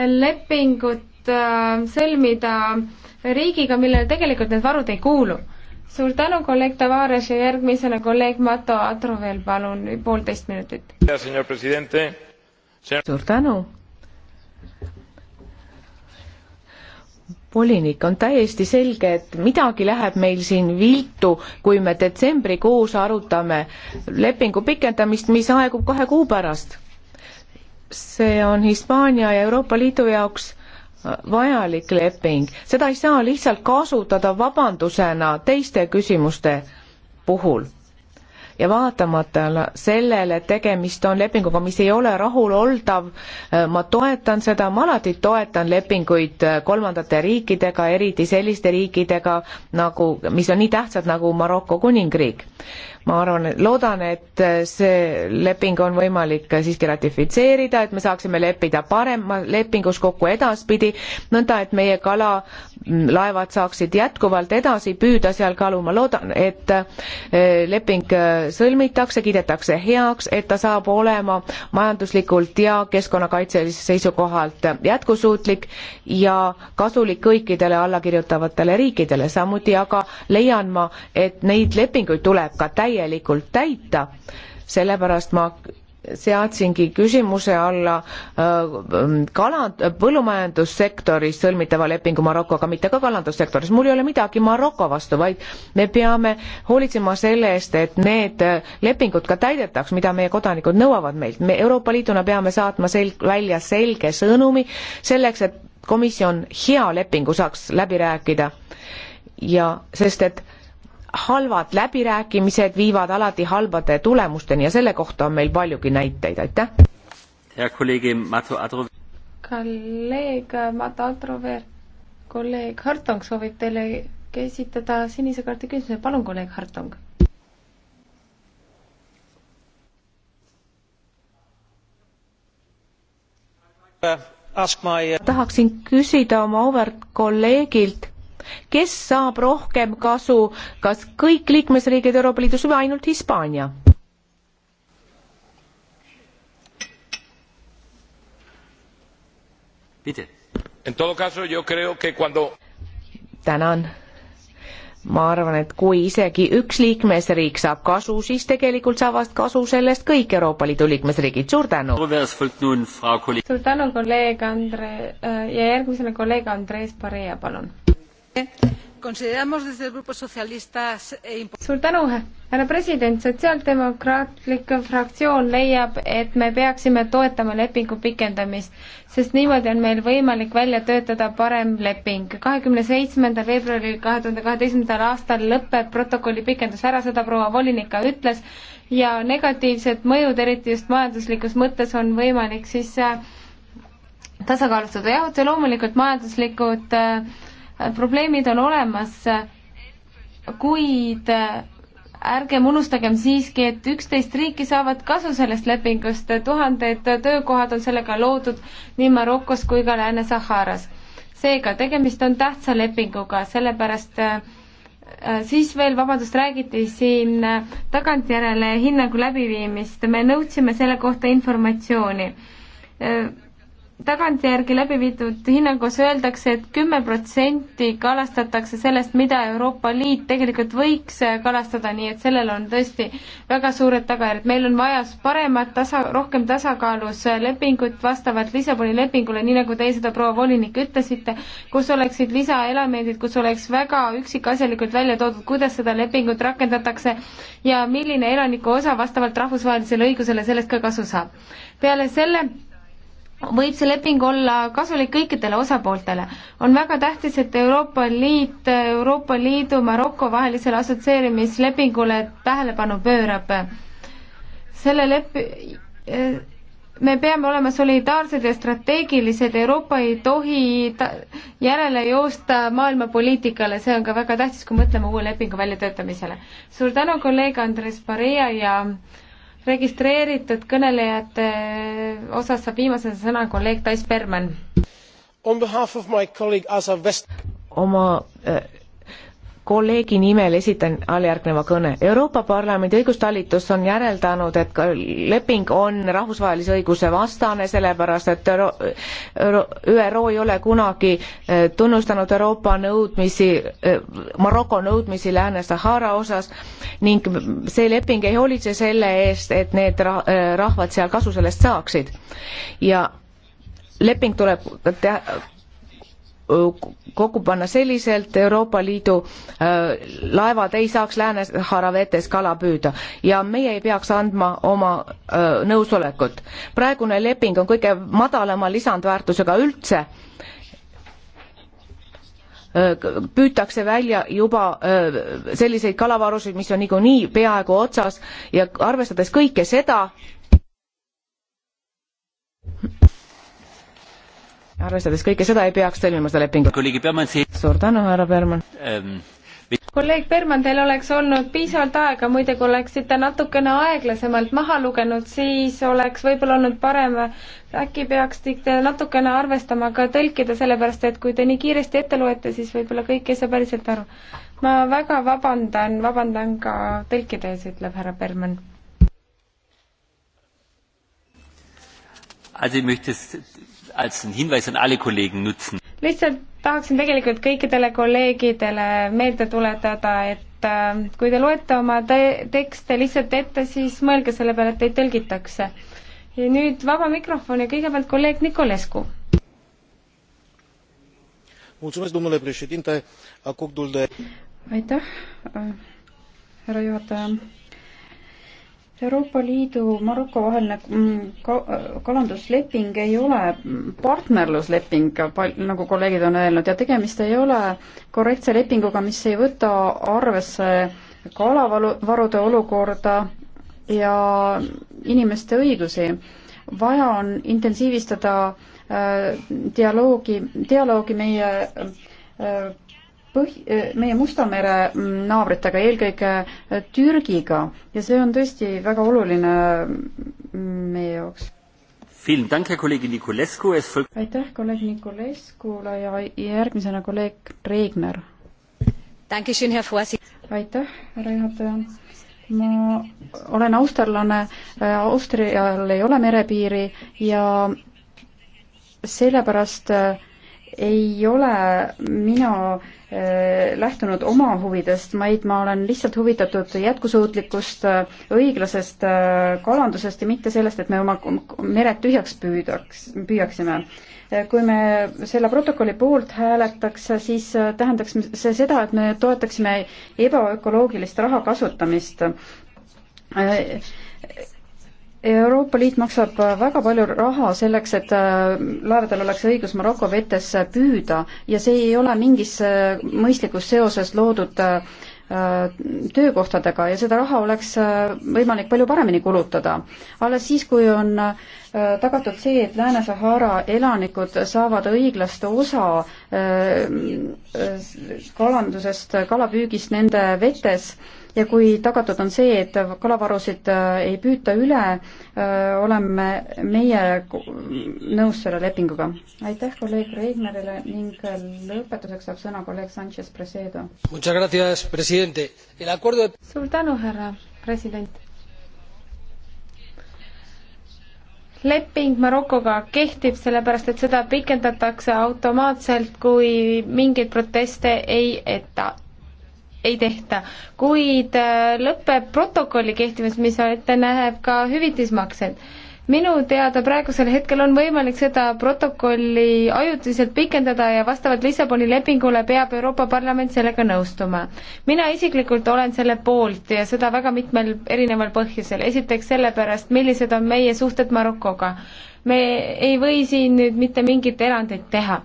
lepingut sõlmida riigiga, millele tegelikult need varud ei kuulu suur tänu, kolleeg Tavares ja järgmisena kolleeg Mato Atrovel, palun poolteist minutit suur tänu. volinik, on täiesti selge, et midagi läheb meil siin viltu, kui me detsembrikuus arutame lepingu pikendamist, mis aegub kahe kuu pärast. see on Hispaania ja Euroopa Liidu jaoks vajalik leping, seda ei saa lihtsalt kasutada vabandusena teiste küsimuste puhul ja vaatamata sellele, et tegemist on lepinguga, mis ei ole rahuloldav, äh, ma toetan seda, ma alati toetan lepinguid äh, kolmandate riikidega, eriti selliste riikidega nagu, mis on nii tähtsad nagu Maroko kuningriik ma arvan, loodan, et äh, see leping on võimalik äh, siiski ratifitseerida, et me saaksime leppida parema lepingus kokku edaspidi, nõnda et meie kalalaevad mm, saaksid jätkuvalt edasi püüda seal kalu. ma loodan, et äh, leping sõlmitakse, kiidetakse heaks, et ta saab olema majanduslikult ja keskkonnakaitselise seisukohalt jätkusuutlik ja kasulik kõikidele allakirjutavatele riikidele, samuti aga leian ma, et neid lepinguid tuleb ka täita täielikult täita. sellepärast ma seadsingi küsimuse alla äh, kaland-, põllumajandussektoris sõlmitava lepingu Marokoga, mitte ka kalandussektoris. mul ei ole midagi Maroko vastu, vaid me peame hoolitsema selle eest, et need äh, lepingud ka täidetaks, mida meie kodanikud nõuavad meilt. me Euroopa Liiduna peame saatma sel-, välja selge sõnumi selleks, et komisjon hea lepingu saaks läbi rääkida. ja sest, et halvad läbirääkimised viivad alati halbade tulemusteni ja selle kohta on meil paljugi näiteid, aitäh. kolleeg Mato Adrover, kolleeg Hartong soovib teile esitada sinise kaardi küsimuse, palun, kolleeg Hartong. Uh, tahaksin küsida oma auväärt kolleegilt kes saab rohkem kasu, kas kõik liikmesriigid Euroopa Liidus või ainult Hispaania? tänan ma arvan, et kui isegi üks liikmesriik saab kasu, siis tegelikult saavad kasu sellest kõik Euroopa Liidu liikmesriigid, suur tänu! suur tänu, kolleeg Andre äh, ja järgmisena kolleeg Andres Pareja, palun! E suur tänu, härra president, Sotsiaaldemokraatlik fraktsioon leiab, et me peaksime toetama lepingu pikendamist, sest niimoodi on meil võimalik välja töötada parem leping. kahekümne seitsmendal veebruaril kahe tuhande kaheteistkümnendal aastal lõpeb protokolli pikendus ära, seda proua volinik ka ütles, ja negatiivsed mõjud, eriti just majanduslikus mõttes, on võimalik siis äh, tasakaalustada, jah, otse loomulikult majanduslikud äh, probleemid on olemas, kuid ärgem unustagem siiski, et üksteist riiki saavad kasu sellest lepingust, tuhanded töökohad on sellega loodud nii Marokos kui ka Lääne-Saharas. seega tegemist on tähtsa lepinguga, sellepärast äh, siis veel, vabandust, räägiti siin tagantjärele hinnangu läbiviimist, me nõudsime selle kohta informatsiooni äh, tagantjärgi läbi viidud hinnangus öeldakse et, et kümme protsenti kalastatakse sellest, mida Euroopa Liit tegelikult võiks kalastada, nii et sellel on tõesti väga suured tagajärjed. meil on vaja paremat tasa, rohkem tasakaalus lepingut vastavalt Lissaboni lepingule, nii nagu teie seda, proua volinik, ütlesite, kus oleksid lisaelemendid, kus oleks väga üksikasjalikult välja toodud, kuidas seda lepingut rakendatakse ja milline elaniku osa vastavalt rahvusvahelisele õigusele sellest ka kasu saab. peale selle võib see leping olla kasulik kõikidele osapooltele. on väga tähtis, et Euroopa Liit Euroopa Liidu Maroko vahelisele assotsieerimislepingule tähelepanu pöörab. selle lep-, me peame olema solidaarsed ja strateegilised, Euroopa ei tohi ta-, järele joosta maailma poliitikale, see on ka väga tähtis, kui mõtleme uue lepingu väljatöötamisele. suur tänu, kolleeg Andres Pareja ja registreeritud kõnelejate osas saab viimase sõna kolleeg Tais Berman. oma äh, kolleegi nimel esitan alljärgneva kõne. Euroopa Parlamendi õigustalitus on järeldanud, et leping on rahvusvahelise õiguse vastane, sellepärast et Euro Euro ÜRO ei ole kunagi eh, tunnustanud Euroopa nõudmisi, eh, Maroko nõudmisi Lääne-Sahara osas ning see leping ei hoolitse selle eest, et need eh, rahvad seal kasu sellest saaksid. ja leping tuleb kokku panna selliselt Euroopa Liidu äh, laevad ei saaks Lääne-Sahara vetes kala püüda ja meie ei peaks andma oma äh, nõusolekut. praegune leping on kõige madalama lisandväärtusega üldse äh, püütakse välja juba selliseid kalavarusid, mis on niikuinii peaaegu otsas ja arvestades kõike seda, arvestades kõike seda, ei peaks sõlmima seda lepingut. suur tänu, härra Berman ähm kolleeg Berman, teil oleks olnud piisavalt aega, muide kui oleksite natukene aeglasemalt maha lugenud, siis oleks võib-olla olnud parem. äkki peaksite natukene arvestama ka tõlkida, sellepärast et kui te nii kiiresti ette loete, siis võib-olla kõik ei saa päriselt aru. ma väga vabandan, vabandan ka tõlkide ees, ütleb härra Berman. Also ich möchte als einen Hinweis an alle Kollegen nutzen. lihtsalt tahaksin tegelikult kõikidele kolleegidele meelde tuletada, et äh, kui te loete oma te tekste lihtsalt ette, siis mõelge selle peale, et teid tõlgitakse. ja nüüd vaba mikrofon ja kõigepealt kolleeg Nikolescu. aitäh, äh, härra juhataja Euroopa Liidu Maroko vaheline mm, kalandusleping ei ole partnerlusleping, nagu kolleegid on öelnud, ja tegemist ei ole korrektse lepinguga, mis ei võta arvesse kalavarude olukorda ja inimeste õigusi. vaja on intensiivistada äh, dialoogi, dialoogi meie äh, põhi, meie Musta mere mm, naabritega, eelkõige äh, Türgiga ja see on tõesti väga oluline mm, meie jaoks. aitäh kolleeg Nikoleskule ja järgmisena kolleeg Reegner. aitäh, härra juhataja ma olen austerlane, äh, Austrial ei ole merepiiri ja sellepärast äh, ei ole mina äh, lähtunud oma huvidest, vaid ma olen lihtsalt huvitatud jätkusuutlikust äh, õiglasest äh, kalandusest ja mitte sellest, et me oma mered tühjaks püüdaks, püüaksime. kui me selle protokolli poolt hääletaks, siis tähendaks see seda, et me toetaksime ebaökoloogilist raha kasutamist Euroopa Liit maksab äh, väga palju raha selleks, et äh, laevadel oleks õigus Maroko vetes äh, püüda ja see ei ole mingis mõistlikus seoses loodud töökohtadega ja seda raha oleks võimalik palju paremini kulutada. alles siis, kui on tagatud see, et Lääne-Sahara elanikud saavad õiglast osa kalandusest, kalapüügist nende vetes, ja kui tagatud on see, et kalavarusid äh, ei püüta üle, äh, oleme meie nõus selle lepinguga. aitäh kolleeg Reignerile ning lõpetuseks saab sõna kolleeg Sanchez Presedo. suur tänu, härra president. leping Marokoga kehtib sellepärast, et seda pikendatakse automaatselt, kui mingeid proteste ei etta, ei tehta, kuid äh, lõpeb protokolli kehtivus, mis ette näeb ka hüvitismaksed. minu teada praegusel hetkel on võimalik seda protokolli ajutiselt pikendada ja vastavalt Lissaboni lepingule peab Euroopa Parlament sellega nõustuma. mina isiklikult olen selle poolt ja seda väga mitmel erineval põhjusel, esiteks sellepärast, millised on meie suhted Marokoga. me ei või siin nüüd mitte mingit erandit teha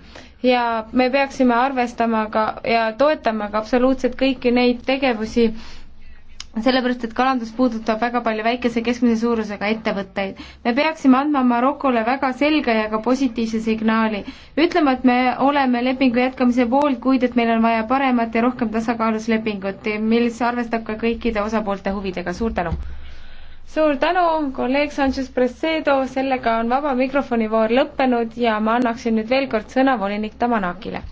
ja me peaksime arvestama ka ja toetama ka absoluutselt kõiki neid tegevusi, sellepärast, et kalandus puudutab väga palju väikese keskmise suurusega ettevõtteid. me peaksime andma Marokole väga selge ja ka positiivse signaali, ütlema, et me oleme lepingu jätkamise poolt, kuid et meil on vaja paremat ja rohkem tasakaalus lepingut, mis arvestab ka kõikide osapoolte huvidega, suur tänu! suur tänu, kolleeg Sanchez Presedo, sellega on vaba mikrofoni voor lõppenud ja ma annaksin nüüd veel kord sõna volinik Tamanakile.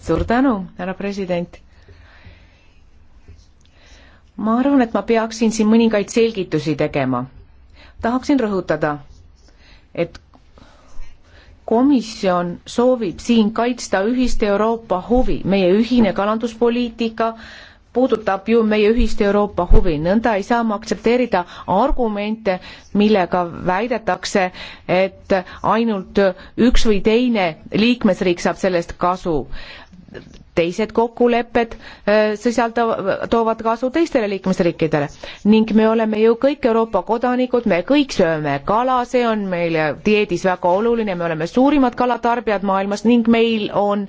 suur tänu, härra president. ma arvan, et ma peaksin siin mõningaid selgitusi tegema. tahaksin rõhutada, et komisjon soovib siin kaitsta ühist Euroopa huvi, meie ühine kalanduspoliitika, puudutab ju meie ühist Euroopa huvi, nõnda ei saa me aktsepteerida argumente, millega väidetakse, et ainult üks või teine liikmesriik saab sellest kasu teised kokkulepped äh, sisaldavad, toovad kasu teistele liikmesriikidele ning me oleme ju kõik Euroopa kodanikud, me kõik sööme kala, see on meile dieedis väga oluline, me oleme suurimad kalatarbijad maailmas ning meil on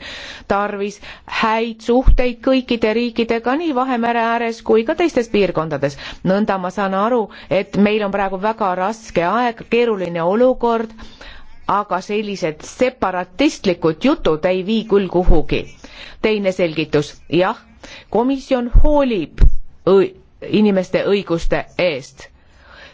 tarvis häid suhteid kõikide riikidega nii Vahemere ääres kui ka teistes piirkondades. nõnda ma saan aru, et meil on praegu väga raske aeg, keeruline olukord aga sellised separatistlikud jutud ei vii küll kuhugi. teine selgitus, jah, komisjon hoolib inimeste õiguste eest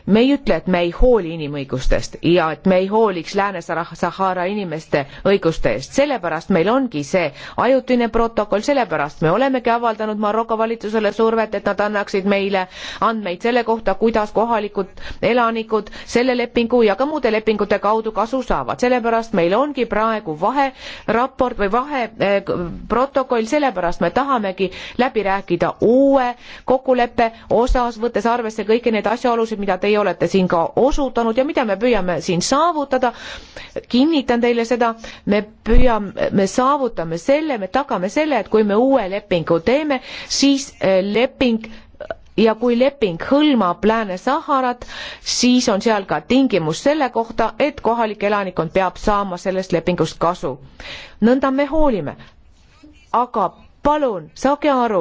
me ei ütle, et me ei hooli inimõigustest ja et me ei hooliks Lääne-Sahara inimeste õiguste eest, sellepärast meil ongi see ajutine protokoll, sellepärast me olemegi avaldanud Maroko valitsusele survet, et nad annaksid meile andmeid selle kohta, kuidas kohalikud elanikud selle lepingu ja ka muude lepingute kaudu kasu saavad, sellepärast meil ongi praegu vaheraport või vaheprotokoll eh,, sellepärast me tahamegi läbi rääkida uue kokkuleppe osas, võttes arvesse kõiki neid asjaolusid, mida teie teie olete siin ka osutanud ja mida me püüame siin saavutada. kinnitan teile seda, me püüame, me saavutame selle, me tagame selle, et kui me uue lepingu teeme, siis eh, leping ja kui leping hõlmab Lääne-Saharat, siis on seal ka tingimus selle kohta, et kohalik elanikkond peab saama sellest lepingust kasu. nõnda me hoolime. aga palun saage aru,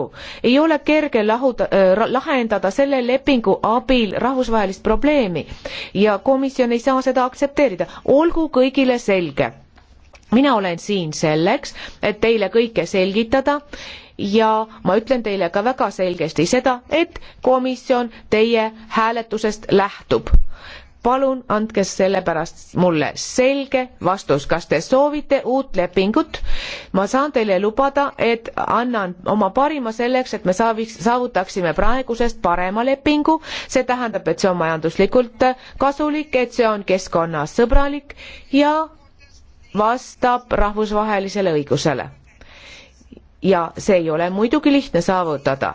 ei ole kerge lahuda äh,, lahendada selle lepingu abil rahvusvahelist probleemi ja komisjon ei saa seda aktsepteerida, olgu kõigile selge. mina olen siin selleks, et teile kõike selgitada ja ma ütlen teile ka väga selgesti seda, et komisjon teie hääletusest lähtub palun andke sellepärast mulle selge vastus, kas te soovite uut lepingut. ma saan teile lubada, et annan oma parima selleks, et me saaviks, saavutaksime praegusest parema lepingu. see tähendab, et see on majanduslikult kasulik, et see on keskkonnasõbralik ja vastab rahvusvahelisele õigusele. ja see ei ole muidugi lihtne saavutada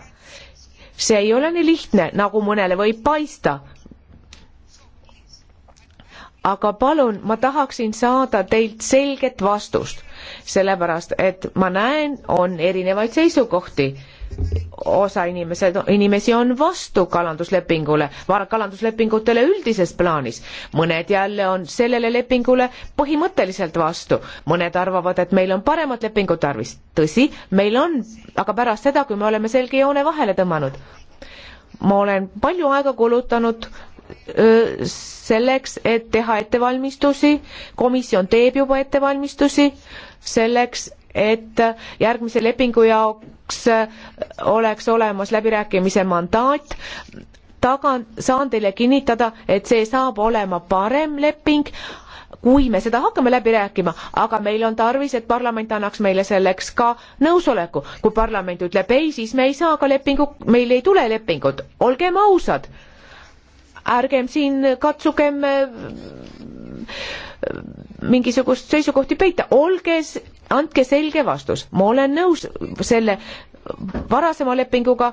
see ei ole nii lihtne, nagu mõnele võib paista, aga palun, ma tahaksin saada teilt selget vastust, sellepärast et ma näen, on erinevaid seisukohti. osa inimesed, inimesi on vastu kalanduslepingule, kalanduslepingutele üldises plaanis, mõned jälle on sellele lepingule põhimõtteliselt vastu, mõned arvavad, et meil on paremat lepingut tarvis. tõsi, meil on, aga pärast seda, kui me oleme selge joone vahele tõmmanud ma olen palju aega kulutanud selleks, et teha ettevalmistusi, komisjon teeb juba ettevalmistusi selleks, et järgmise lepingu jaoks oleks olemas läbirääkimise mandaat. tagan, saan teile kinnitada, et see saab olema parem leping, kui me seda hakkame läbi rääkima, aga meil on tarvis, et parlament annaks meile selleks ka nõusoleku. kui parlament ütleb ei, siis me ei saa ka lepingu, meil ei tule lepingut, olgem ausad ärgem siin katsugem äh, mingisugust seisukohti peita, olge, andke selge vastus, ma olen nõus selle varasema lepinguga,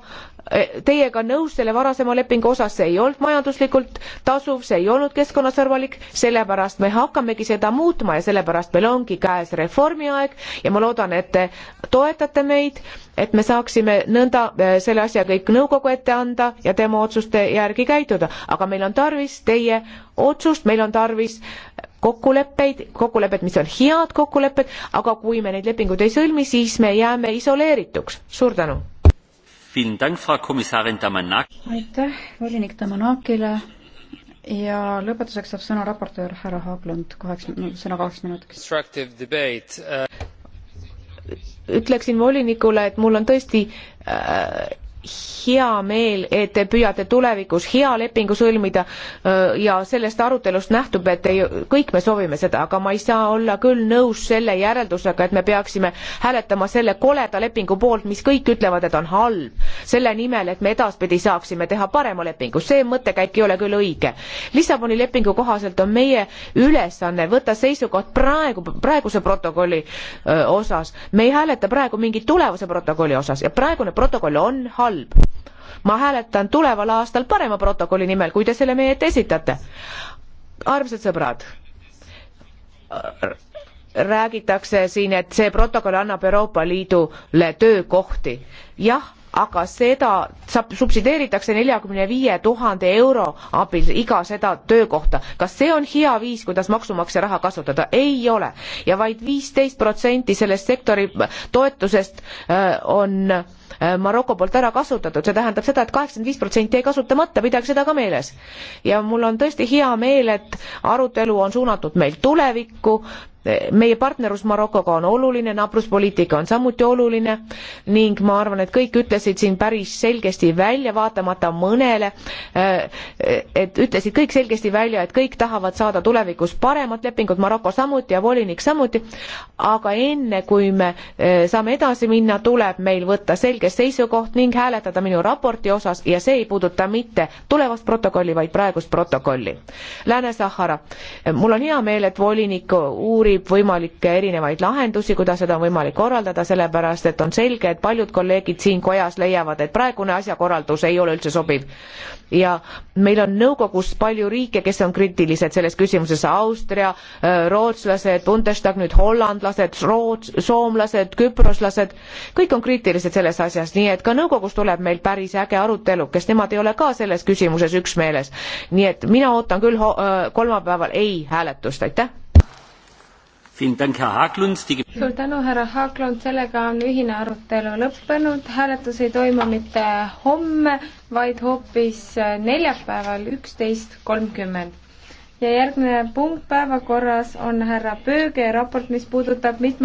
eh, teiega nõus selle varasema lepingu osas, see ei olnud majanduslikult tasuv, see ei olnud keskkonnasõbralik, sellepärast me hakkamegi seda muutma ja sellepärast meil ongi käes reformi aeg ja ma loodan, et te toetate meid, et me saaksime nõnda eh, selle asja kõik nõukogu ette anda ja tema otsuste järgi käituda, aga meil on tarvis teie otsust, meil on tarvis kokkuleppeid, kokkulepped, mis on head kokkulepped, aga kui me neid lepinguid ei sõlmi, siis me jääme isoleerituks. suur tänu! aitäh volinik Damanakile ja lõpetuseks saab sõna raportöör härra Haaglund kaheks, sõna kaheks minutiks. Äh, ütleksin volinikule, et mul on tõesti äh, hea meel, et te püüate tulevikus hea lepingu sõlmida ja sellest arutelust nähtub, et te, kõik me soovime seda, aga ma ei saa olla küll nõus selle järeldusega, et me peaksime hääletama selle koleda lepingu poolt, mis kõik ütlevad, et on halb. selle nimel, et me edaspidi saaksime teha parema lepingu, see mõttekäik ei ole küll õige. Lissaboni lepingu kohaselt on meie ülesanne võtta seisukoht praegu, praeguse protokolli öö, osas. me ei hääleta praegu mingi tulevase protokolli osas ja praegune protokoll on halb halb. ma hääletan tuleval aastal parema protokolli nimel, kui te selle meie ette esitate. armsad sõbrad, räägitakse siin, et see protokoll annab Euroopa Liidule töökohti. jah aga seda saab, subsideeritakse neljakümne viie tuhande euro abil iga seda töökohta. kas see on hea viis, kuidas maksumaksja raha kasutada? ei ole ja vaid viisteist protsenti sellest sektori toetusest äh, on äh, Äh, Maroko poolt ära kasutatud, see tähendab seda et, et kaheksakümmend viis protsenti jäi kasutamata, pidage seda ka meeles. ja mul on tõesti hea meel, et arutelu on suunatud meil tulevikku, meie partnerlus Marokoga on oluline, naabruspoliitika on samuti oluline ning ma arvan, et kõik ütlesid siin päris selgesti välja, vaatamata mõnele, äh, et ütlesid kõik selgesti välja, et kõik tahavad saada tulevikus paremat lepingut, Maroko samuti ja volinik samuti, aga enne, kui me äh, saame edasi minna, tuleb meil võtta selge seisukoht ning hääletada minu raporti osas ja see ei puuduta mitte tulevast protokolli, vaid praegust protokolli. Lääne-Sahara, mul on hea meel, et volinik uurib uurib võimalikke erinevaid lahendusi, kuidas seda on võimalik korraldada, sellepärast et on selge, et paljud kolleegid siin kojas leiavad, et praegune asjakorraldus ei ole üldse sobiv. ja meil on nõukogus palju riike, kes on kriitilised selles küsimuses, Austria, äh, rootslased, Bundestag, nüüd hollandlased, roots-, soomlased, küproslased, kõik on kriitilised selles asjas, nii et ka nõukogus tuleb meil päris äge arutelu, kes nemad ei ole ka selles küsimuses üksmeeles. nii et mina ootan küll äh, kolmapäeval ei hääletust, aitäh! suur tänu, härra Haaklund, sellega on ühine arutelu lõppenud, hääletus ei toimu mitte homme, vaid hoopis äh, neljapäeval üksteist kolmkümmend. ja järgmine punkt päevakorras on härra Pööge raport, mis puudutab mitme